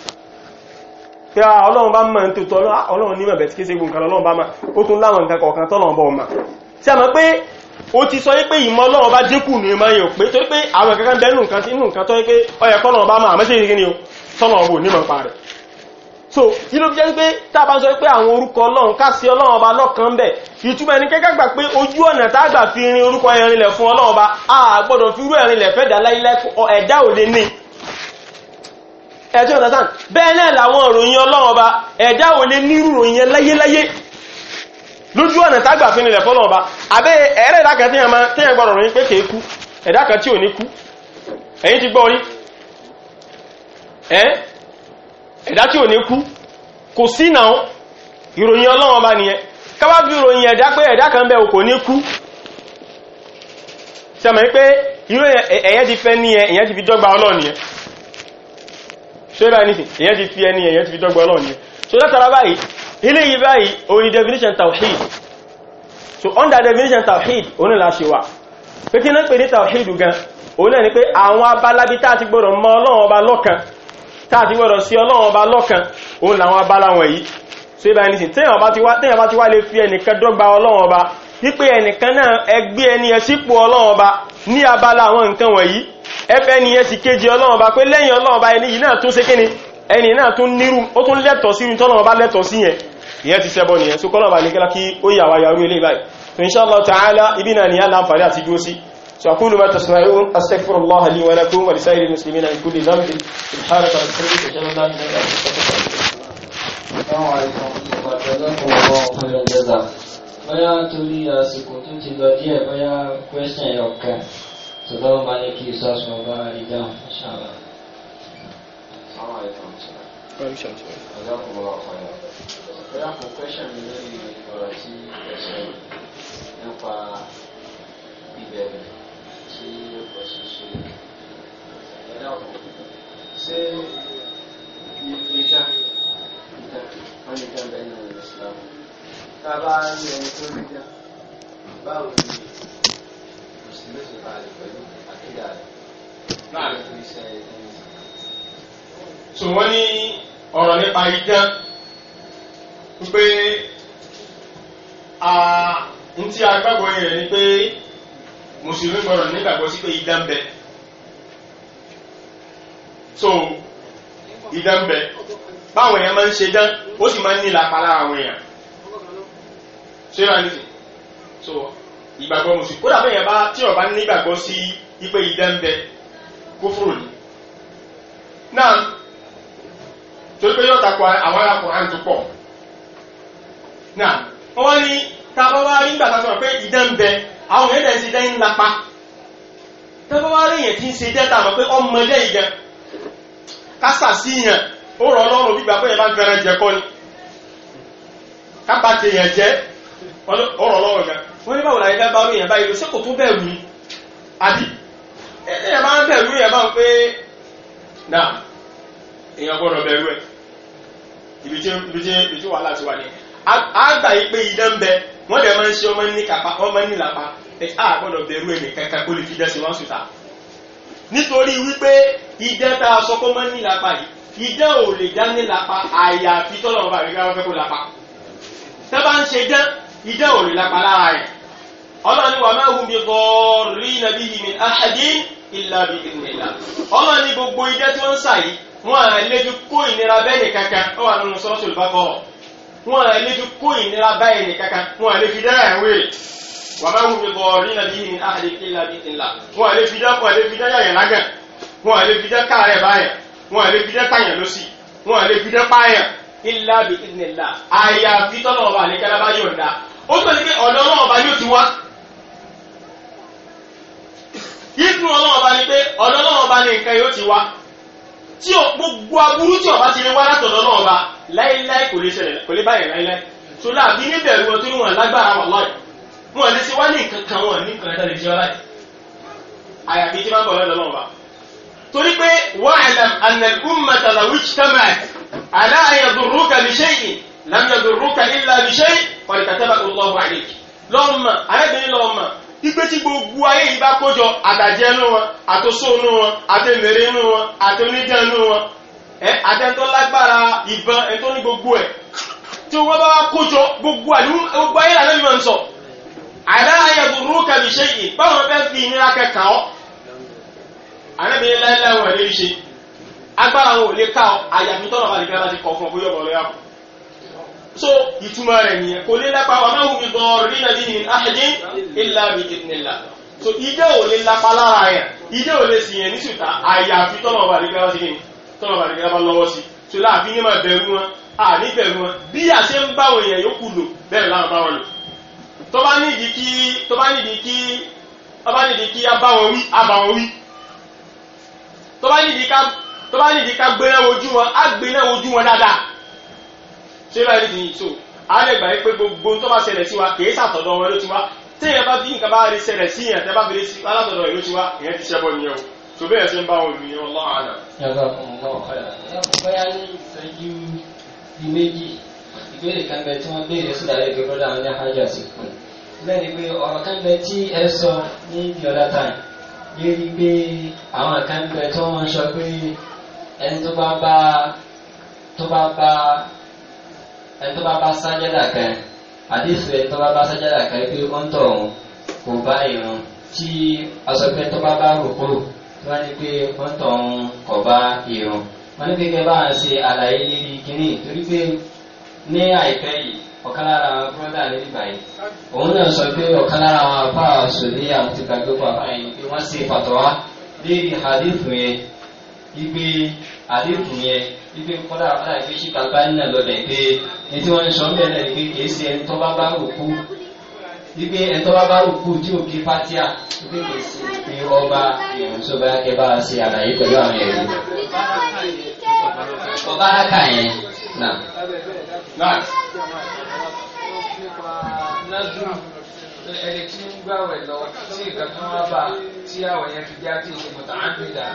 kí a ọlọ́run bá mọ̀ tó tọ́ ọlọ́run ní mẹ̀bẹ̀ tí kí ségun kan ọlọ́run bá mọ̀ ó tún láwọn nǹkan kọ̀ọ̀kan tọ́lọ́run bọ̀ mọ̀ sí àmọ́ pé ó ti sọ pé ìmọ̀ ọlọ́run bá dínkù ní ìmọ̀ yẹn pé torí pé àwọn kankan bẹ́ẹ̀ nù nǹkan sínú nǹkan tó pé ọyẹ kọ́lọ́run bá mọ̀ àmọ́ ìrìn o tọ́lọ́run bò nímọ̀ pa rẹ̀ so kí ló fi jẹ́ pé tá a bá sọ pé àwọn orúkọ ọlọ́run ká sí ọlọ́run ọba lọ́kàn ń bẹ̀ ìtumọ̀ ẹni kẹ́kẹ́ gbà pé ojú ọ̀nà tá a gbà fi rin orúkọ ẹ̀rinlẹ̀ fún ọlọ́run ọba a gbọ́dọ̀ fi irú ẹ̀rinlẹ̀ fẹ́ dá ẹ̀dá ò ní ẹjọ́ ìdásán bẹ́ẹ̀ náà làwọn òròyìn ọlọ́run ọba ẹ̀dá ò lè nírú òyìn láyéláyé lójú ọ̀nà tágbà fi nílẹ̀ fọ́lọ́run ọba àbẹ́ ẹ̀rẹ́ ìdákan tí yẹn máa tí yẹn pé kèé kú ẹ̀dá kan tí ò ní kú ti gbọ́ rí ẹ̀dá ọba so ibà nísìn èyàn ti fi ẹni èyàn ti fi dọ́gba Ọlọ́run ni so látara báyìí ilé yìí báyìí òní definition tawhid so under definition tawhid òní la ṣe wà pé kí náà pè ní tawhid gan òní ẹni pé àwọn abalabi tá ti gbọ́dọ̀ mọ Ọlọ́run ọba lọ́kan tá ti gbọ́dọ̀ sí Ọlọ́run ọba lọ́kan òun làwọn abala wọn yìí so ibà nísìn téèyàn bá ti wá lè fi ẹnìkan dọ́gba Ọlọ́run ọba wípé ẹnìkan náà ẹgbẹ́ ẹni ẹ sípò Ọlọ́run ọba ní abala àwọn nǹkan wọ̀nyí ẹfẹ́ ni ẹ sì kéjì ọlọ́run bá pé lẹ́yìn ọlọ́run bá ẹni yìí náà tún ṣe kíni ẹni náà tún nírú ó tún lẹ́tọ̀ sí ní tọ́lọ́run bá lẹ́tọ̀ sí yẹn ìyẹn ti ṣẹbọ nìyẹn so kọ́lọ́run ní kẹ́lá kí ó yà wá yàrú ilé báyìí so torí àsìkò tó ti lọ díẹ̀ bóyá question ẹ̀yọ̀ kan Saudara memiliki usaha semoga hidang InsyaAllah Assalamualaikum Bóyá kò kẹ́sàn mi lórí ọ̀rọ̀ tí ẹ sọ nípa ìbẹ̀rẹ̀ tí ọkọ̀ ṣoṣo ẹ̀dá ọ̀pọ̀. Ṣé ìdá ìdá wọn lè dá bẹ́ẹ̀ nínú Ìsìlámù? Tá a bá rí ẹni tó rí dá, báwo ni So ṣe bá rẹ̀ pẹ̀lú àkídà rẹ̀ láàrin fún iṣẹ́ ẹni sàkà. sọ wọ́n ní ọ̀rọ̀ nípa idán pé n tí a gbàgbọ́ rẹ̀ ni pé mùsùlùmí gbọ́dọ̀ nígbàgbọ́ sí pé idán bẹ. so idán bẹ báwọn èèyàn máa ń ṣe dán ó sì máa ń ní ìlàpá lára àwọn èèyàn ṣé wàá so ìgbàgbọ́ mùsùlùmí kódà bẹ́ẹ̀ bá tí ọba nígbàgbọ́ sí ipe ìdẹ́ńbẹ kúfúrú ni náà torí pé yóò takọ àwọn arákùnrin tó pọ̀ náà wọ́n wá rí pé àwọn èèyàn dẹ̀ dẹ́ ń lapa wá rí yẹn tí ń ṣe pé kásà sí yẹn ó rọ ọlọ́run yẹn bá gẹrẹ jẹ ni kápá ti yẹn jẹ ọ̀rọ̀ ọlọ́run wọ́n ní báwo la yẹ fẹ́ bá ròyìn báyìí lọ ṣé kò tó bẹ̀rù ni àbí èèyàn máa ń bẹ̀rù yẹn máa ń pé náà èèyàn gbọ́dọ̀ bẹ̀rù ẹ̀ ibi tí ibi tí ibi tí wàhálà ti wà ní. a gbà yí pé idán ń bẹ wọ́n dẹ̀ máa ń ṣe ọmọ ní kapa ọmọ ní làpá ẹ̀ á gbọ́dọ̀ bẹ̀rù ẹ̀ nìkankan kó lè fi dẹ́sẹ̀ wọ́n sùtà. nítorí wípé idán tá a sọ pé ọmọ ní làpá yìí idán ò lè dá ní làpá àyàfi tọ́lọ̀ idẹ́ ò lè lápá lára rẹ̀ ọlọ́ni wà máa hùn bí gọ́ọ̀rí nàbí yìí ní ahadi ìlà bí ìlà ọlọ́ni gbogbo idẹ́ tí wọ́n ń sà yìí wọ́n à léjú kó ìnira bẹ́ẹ̀ ní kankan ó wà nínú sọ́ọ́sì bá bọ̀ à léjú kó ìnira bẹ́ẹ̀ ní kankan wọ́n à lè fi dára ìwé wà máa bí gọ́ọ̀rí nàbí yìí ní ahadi ìlà bí ìlà à lè fi dá wọ́n à lè fi dá yàyàn lágàn wọ́n à àyàfi tọ́lọ̀ wà ní kálábáyọ̀ dáa ó túmọ̀ sí pé ọ̀dọ̀ ọlọ́run ọba yóò ti wá inú ọlọ́run ọba ni pé ọ̀dọ̀ ọlọ́run ọba ni nǹkan yóò ti wá tí o gbogbo aburú tí ọba ti rí wá látọ̀dọ̀ náà ọba láéláé kò lè ṣẹlẹ̀ kò lè báyìí láéláé tó láàbí níbẹ̀rù wọn tó ní wọn lágbára wà lọ́yìn wọn lè ṣe wá ní nǹkan kan wọn ní nǹkan tẹ́lẹ̀ jẹ́ torí pé wa'lam anna al-ummata law ijtama'at ala an lam yadurruka illa bi shay qad katabahu Allahu alayk lọ́mọ arábìnrin lọ́mọ ipe tí gbogbo ayé yìí bá kójọ àtàjẹ́ inú wọn àtòsó inú wọn àtẹ̀mẹ̀rẹ̀ inú wọn àtẹ̀oníjà inú wọn àtẹ̀ntọ́ lágbára ìbọn ẹ̀tọ́ ní gbogbo ẹ̀ tí wọ́n bá wá kójọ gbogbo ayé lànà mi máa ń sọ àdáyà burú kàbí ṣe yìí báwọn fẹ́ fi ìnira kẹka ọ́ arábìnrin láéláé wọn rí ṣe agbára wọn ò lè ká ọ àyàfi tọ́nà bá lè fẹ́ láti kọ̀ fún ọ bóyá ọ̀rọ̀ yà kù so ìtumọ̀ rẹ̀ nìyẹn kò lè lápá wa máa ń wùmí gan rí nàbí ní ahadin illa bi idhnillah so ìdẹ́ ò lè lápá lára yẹn ìdẹ́ ò lè sì yẹn ní sùtà àyàfi tọ́nà bàrí gíráwá sí kìíní tọ́nà bàrí gíráwá lọ́wọ́ sí so láàfi ní máa bẹ̀rù wọn à ní bẹ̀rù wọn bí a ṣe ń bá wọn yẹn yókù lò bẹ́ẹ̀ láwọn bá wọn lò tó bá nídìí kí tó bá nídìí kí tó bá nídìí kí a bá wọn wí a bá wọn wí tó bá nídìí ká tó bá nídìí ká gbé wojú wọn á gbé wojú wọn dáadáa ṣé báyìí di ìtò àádẹ́gbà yìí pé gbogbo tó bá ṣẹlẹ̀ sí wa kìí ṣàtọ̀dọ̀ wọn ló ti wá téèyàn bá bí nǹkan bá rí ṣẹlẹ̀ sí yẹn tẹ́ bá fi sí alátọ̀dọ̀ yìí ló ti wá ìyẹn ti ṣẹbọ nìyẹn o tó bẹ́ẹ̀ ṣe ń bá wọn lùyẹn ọlọ́ àná. yàrá ọmọ ọ̀hẹ́ bóyá ní ìṣẹ́jú di ìbéèrè pé àwọn kan bẹ tí wọ́n sọ pé ẹni tó bá bá ẹni tó bá bá sájádà kan àdéhùn ẹni tó bá bá sájádà kan pé ó ń tọ̀ ọ̀hún kò bá ìrun tí asọ̀pẹ́ tó bá bá rògbò tó bá ní pé ó ń tọ̀ ọ̀hún kò bá ìrun wọ́n ní gẹ́gẹ́ bá ń ṣe àlàyé líli kínní torí lórí báyìí òun náà sọ pé ọ̀kan lára àwọn àbá àṣòlè àti gbàgbé pàpà yìí pé wọ́n ṣe pàtó wá léèrè hadith yẹn Ipe àdéhùn yẹn Ipe kọ́dà kọ́dà wípé ṣì kàgbá nínà lọ́dẹ̀ pé ní tí wọ́n ń sọ bẹ́ẹ̀ náà wípé kìí ṣe ẹni tó bá bá rò kú wípé ẹni tó bá bá rò kú tí ò kí pátíà wípé kìí ṣe pé ọba ìrìn tó bá kẹ bá ṣe àlàyé pẹ̀lú àwọn ẹ̀rí. ọba aráka yẹn náà. ẹni tí ń gbàwẹ̀ lọ tí ìgbà tó wá bá tí àwẹ̀ yẹn fi já tí ìṣègùn tàn án gbé dáa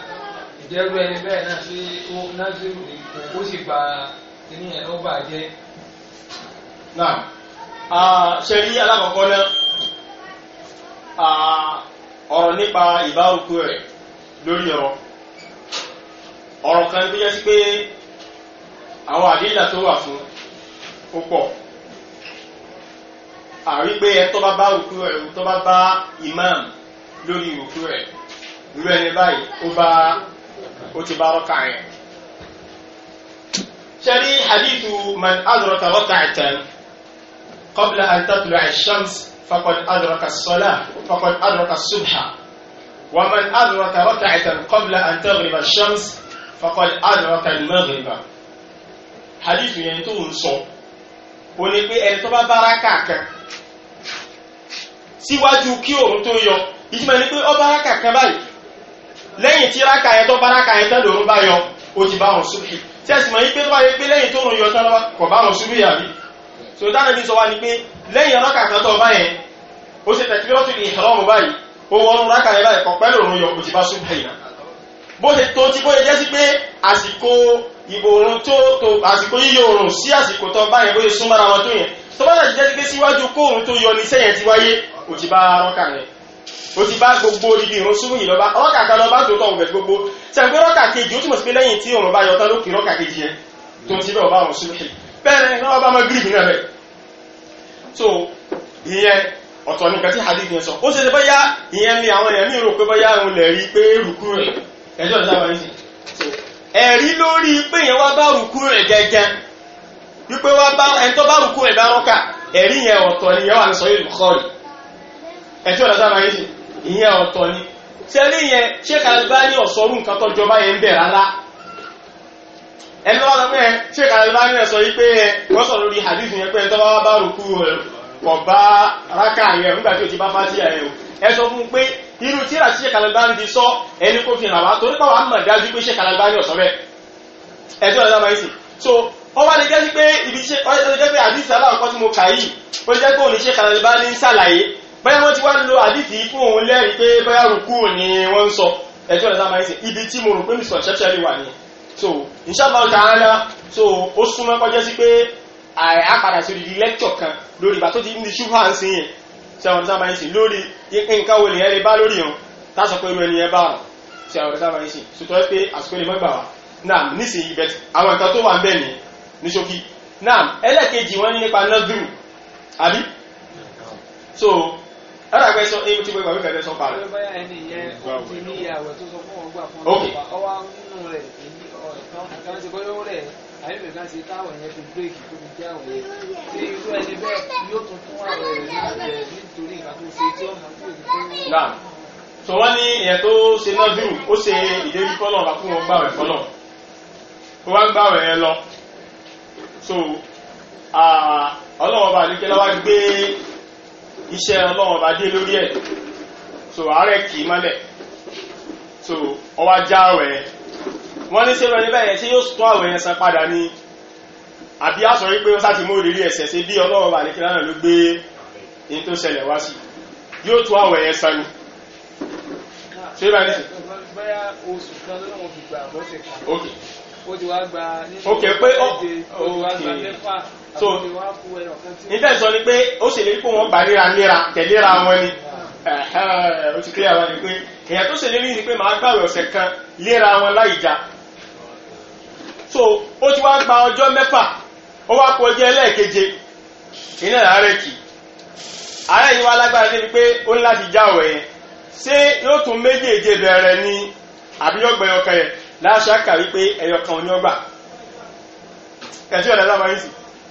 jẹ́rú ẹni bẹ́ẹ̀ náà ṣe ó násìrò ní kò ó sì gba kíní ẹ̀ ó bàjẹ́. náà ṣe rí alákọ̀ọ́kọ́ náà ọ̀rọ̀ nípa ìbárokú rẹ̀ lórí ọ̀rọ̀ ọ̀rọ̀ kan tó yẹ sí pé àwọn àdílà tó wà fún ó pọ̀ àrí pé ẹ tó bá bá òkú rẹ̀ tó bá bá imam lórí òkú rẹ̀ irú ẹni báyìí ó bá ó ti bá rọ́kà yẹn ṣẹ́rí hadithu man adraka rak'atan qabla an tatlu'a ash-shams faqad adraka as-salah faqad adraka as-subha wa man adraka rak'atan qabla an taghriba ash-shams faqad adraka al-maghriba hadithu yẹn tó ń sọ ó ní pé ẹni tó bá bára kàkan síwájú kí òun tó yọ ni pé ó bára kàkan báyìí lẹ́yìn tí ráka yẹn tó bá ráka yẹn tán lòun bá yọ ó ti bá wọn súbì tí ẹ̀sìn mọ̀ yí pé tó bá yẹ pé lẹ́yìn tó rùn yọ tán lọ́wọ́ kò bá wọn súbì yàrá so dáná bí sọ wá ni pé lẹ́yìn ráka kan tó bá yẹn ó ṣe tẹ̀kílọ́tì ní ìhàrọ́mù báyìí ó wọ́n ráka yẹn báyìí kọ̀pẹ́ lòun yọ ó ti bá súbì yàrá bó ṣe tó ti bó ṣe jẹ́ sí pé àsìkò ìbò òrùn yọ ní ti bá ráka yẹn ó ti bá gbogbo ibi ìrun súnmù yìí lọ́ba rọ́kà kan lọ́ba tó tọ̀ ọ̀gbẹ̀ gbogbo sẹ́gbẹ́ rọ́kà kejì ó túmọ̀ sí pé lẹ́yìn tí òrùn bá yọ tán lókè rọ́kà kejì yẹn tó ti bẹ́ẹ̀ ọba òrùn yìí bẹ́ẹ̀ náà ọba Mágríbì náà bẹ́ẹ̀ so ìyẹn ọ̀tọ̀ nìkan tí hadith yẹn sọ ó ṣe bóyá ìyẹn ni àwọn èèyàn ní ìrò pé bóyá òun lè rí pé rùkú rẹ̀ ẹjọ́ ìjábọ̀ yìí ẹ̀rí lórí pé yẹn wá bá rùkú rẹ̀ gẹ́gẹ́ wípé wá bá ẹni tó bá rùkú rẹ̀ bá rọ́kà ẹ̀rí yẹn ọ̀tọ̀ ni yẹn wà ní sọ yìí lùkọ́ rẹ̀ ẹjọ́ ìjábọ̀ yìí ìyẹn ọ̀tọ̀ ni tẹ́lẹ̀ yẹn Sheikh Albani ọ̀sọ́rù nǹkan tó jọba yẹn ń bẹ̀ rárá ẹni wọ́n sọ pé Sheikh Albani ẹ̀ sọ yí pé wọ́n sọ lórí hadith yẹn pé tọ́ba wá bá rùkú kọ̀ bá rákà yẹn nígbà tí o ti bá fásíyà yẹn o ẹ sọ fún un pé irú tíra tí Sheikh Albani ti sọ ẹni kó fi hàn wá torí pàwọn àmọ̀ dájú pé Sheikh Albani ọ̀sọ́ bẹ́ẹ̀ ẹ tí wọ́n sábà yìí sì so wọ́n wá lè jẹ́ sí pé ibi tí wọ́n lè jẹ́ pé àdìsí aláwọ̀ kan tí mo kà yìí ó jẹ́ pé òní Sheikh Albani ń ṣàlàyé báyá wọ́n ti wá lo àdífì fún òun lẹ́rìí pé báyá rùkú ni wọ́n ń sọ ẹjọ́ ẹ̀dá máa ń sè ibi tí mo rò pé mr ṣẹ́ṣẹ́rì wà ní so inshallah ta'ala so ó súnmọ́ kọjá sí pé àyà padà sí odidi lẹ́kṣọ̀ kan lórí ìgbà tó ti ní ṣúfà ń sìn yẹn ṣe àwọn ẹ̀dá máa ń sè lórí nǹkan wo lèyẹn lè bá lórí yẹn táṣọ pé irú ẹni yẹn bá wọn ṣe àwọn ẹ̀dá máa ń sè sùtọ́ pé àsìkò lè mọ́ gbà wá náà nísìnyí bẹ́ẹ̀ àwọn nǹkan tó wà ń bẹ̀ ní ní ṣókí náà ẹlẹ́ẹ̀kejì wọ́n ní nípa nọ́dúrù àbí so fẹ́ sọ ẹni tí gbogbo àwọn ìfẹ́ sọ pa rẹ̀. náà sọ wọ́n ní ìyẹn tó ṣe náà dùn ó ṣe ìdérí kọ́nà wà fún wọn gbàwẹ̀ kọ́nà ó wá gbàwẹ̀ ẹ lọ so ọlọ́wọ́ bá ní kí lọ́wọ́ gbé iṣẹ́ ọlọ́run bá dé lórí ẹ̀ so ààrẹ kì í mọ́lẹ̀ so ọwá já àwẹ̀ ẹ̀ wọ́n ní ṣe rẹni bẹ́ẹ̀ tí yóò àwẹ̀ san padà ní àbí wípé ó mú sí bí ọlọ́run bá nìkan náà ló gbé in tó ṣẹlẹ̀ wá sí yóò tún àwẹ̀ ni ṣe bá so níta sọ ni pé ó ṣèlérí pé wọ́n gbà ríra níra tẹ̀léra wọn ni ó ti kílẹ̀ wọn ni pé èèyàn tó ṣèlérí ni pé màá gbàwẹ̀ ọ̀sẹ̀ kan léra wọn láì so ó ti wá gba ọjọ́ mẹ́fà ó wá kó ọjọ́ ẹlẹ́ẹ̀keje iná àárẹ̀ kì àárẹ̀ yìí wá lágbára débi pé ó ní láti já ọ̀wẹ̀ yẹn ṣé yóò tún méjèèje bẹ̀rẹ̀ ni àbí yóò yẹn láṣà kà wípé ẹ̀yọ̀kan ò ní ọ̀dà láwọn yìí sì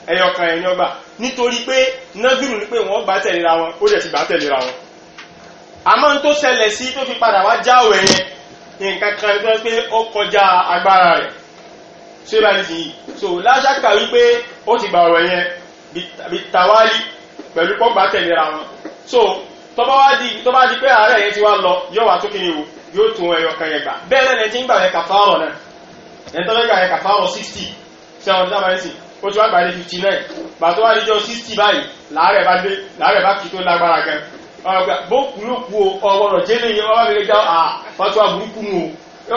ẹyọkan ẹni ọgbà nítorí pé nọ́dúrù ní pé wọ́n gbà tẹ̀léra wọn ó dẹ̀ ti gbà tẹ̀léra wọn àmọ́ tó ṣẹlẹ̀ sí tó fi padà wá jáwẹ̀ yẹn nǹkan kan tó pé ó kọjá agbára rẹ̀ ṣé bá nìsí so láṣákà wípé ó ti gbà ọ̀rọ̀ yẹn bí tàwálí pẹ̀lú kọ́ gbà tẹ̀léra wọn so tó bá di pé ààrẹ yẹn ti wá lọ yóò wá tó kí ni yóò tún ẹyọ yẹn gbà bẹ́ẹ̀ náà ti ń gbà yẹn kàfàárọ̀ náà ẹni tó fẹ́ gbà yẹn kàfàárọ̀ 60 ṣe àwọn ọdún sábà yẹn sì ó ti wá gbàdé fifty nine gbàtọ́ wá níjọ́ sixty báyìí làárẹ̀ bá dé làárẹ̀ bá kì í tó lágbára gan bó kú ló kú o ọgbọ̀rọ̀ jẹ́lẹ̀ yẹn wọ́n bá fi lè já fatuwa burúkú mu o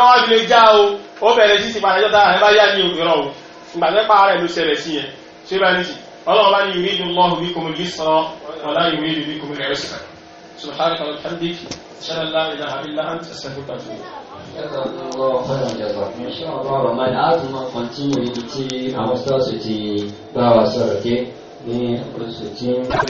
wọ́n bá fi lè já o ó bẹ̀rẹ̀ sí ti pàtàkì tára rẹ̀ bá yá ní òkèrọ̀ o ìgbàtẹ́pà rẹ̀ ló ṣẹlẹ̀ sí yẹn ṣé bá ní sí ọlọ́run bá ní ìwé ìdùn lọ́hùn bí kòmìlì sọ ọ̀la ìwé ìdùn bí kòmìlì rẹ̀ sọ Ìṣẹ́ ọ̀rọ̀ ọ̀rọ̀ máa ní àtúmọ̀ kọ̀ntínú ibi tí àwọn stọ́ọ̀sì ti bá wa sọ̀rọ̀ dé ní oṣù tí ń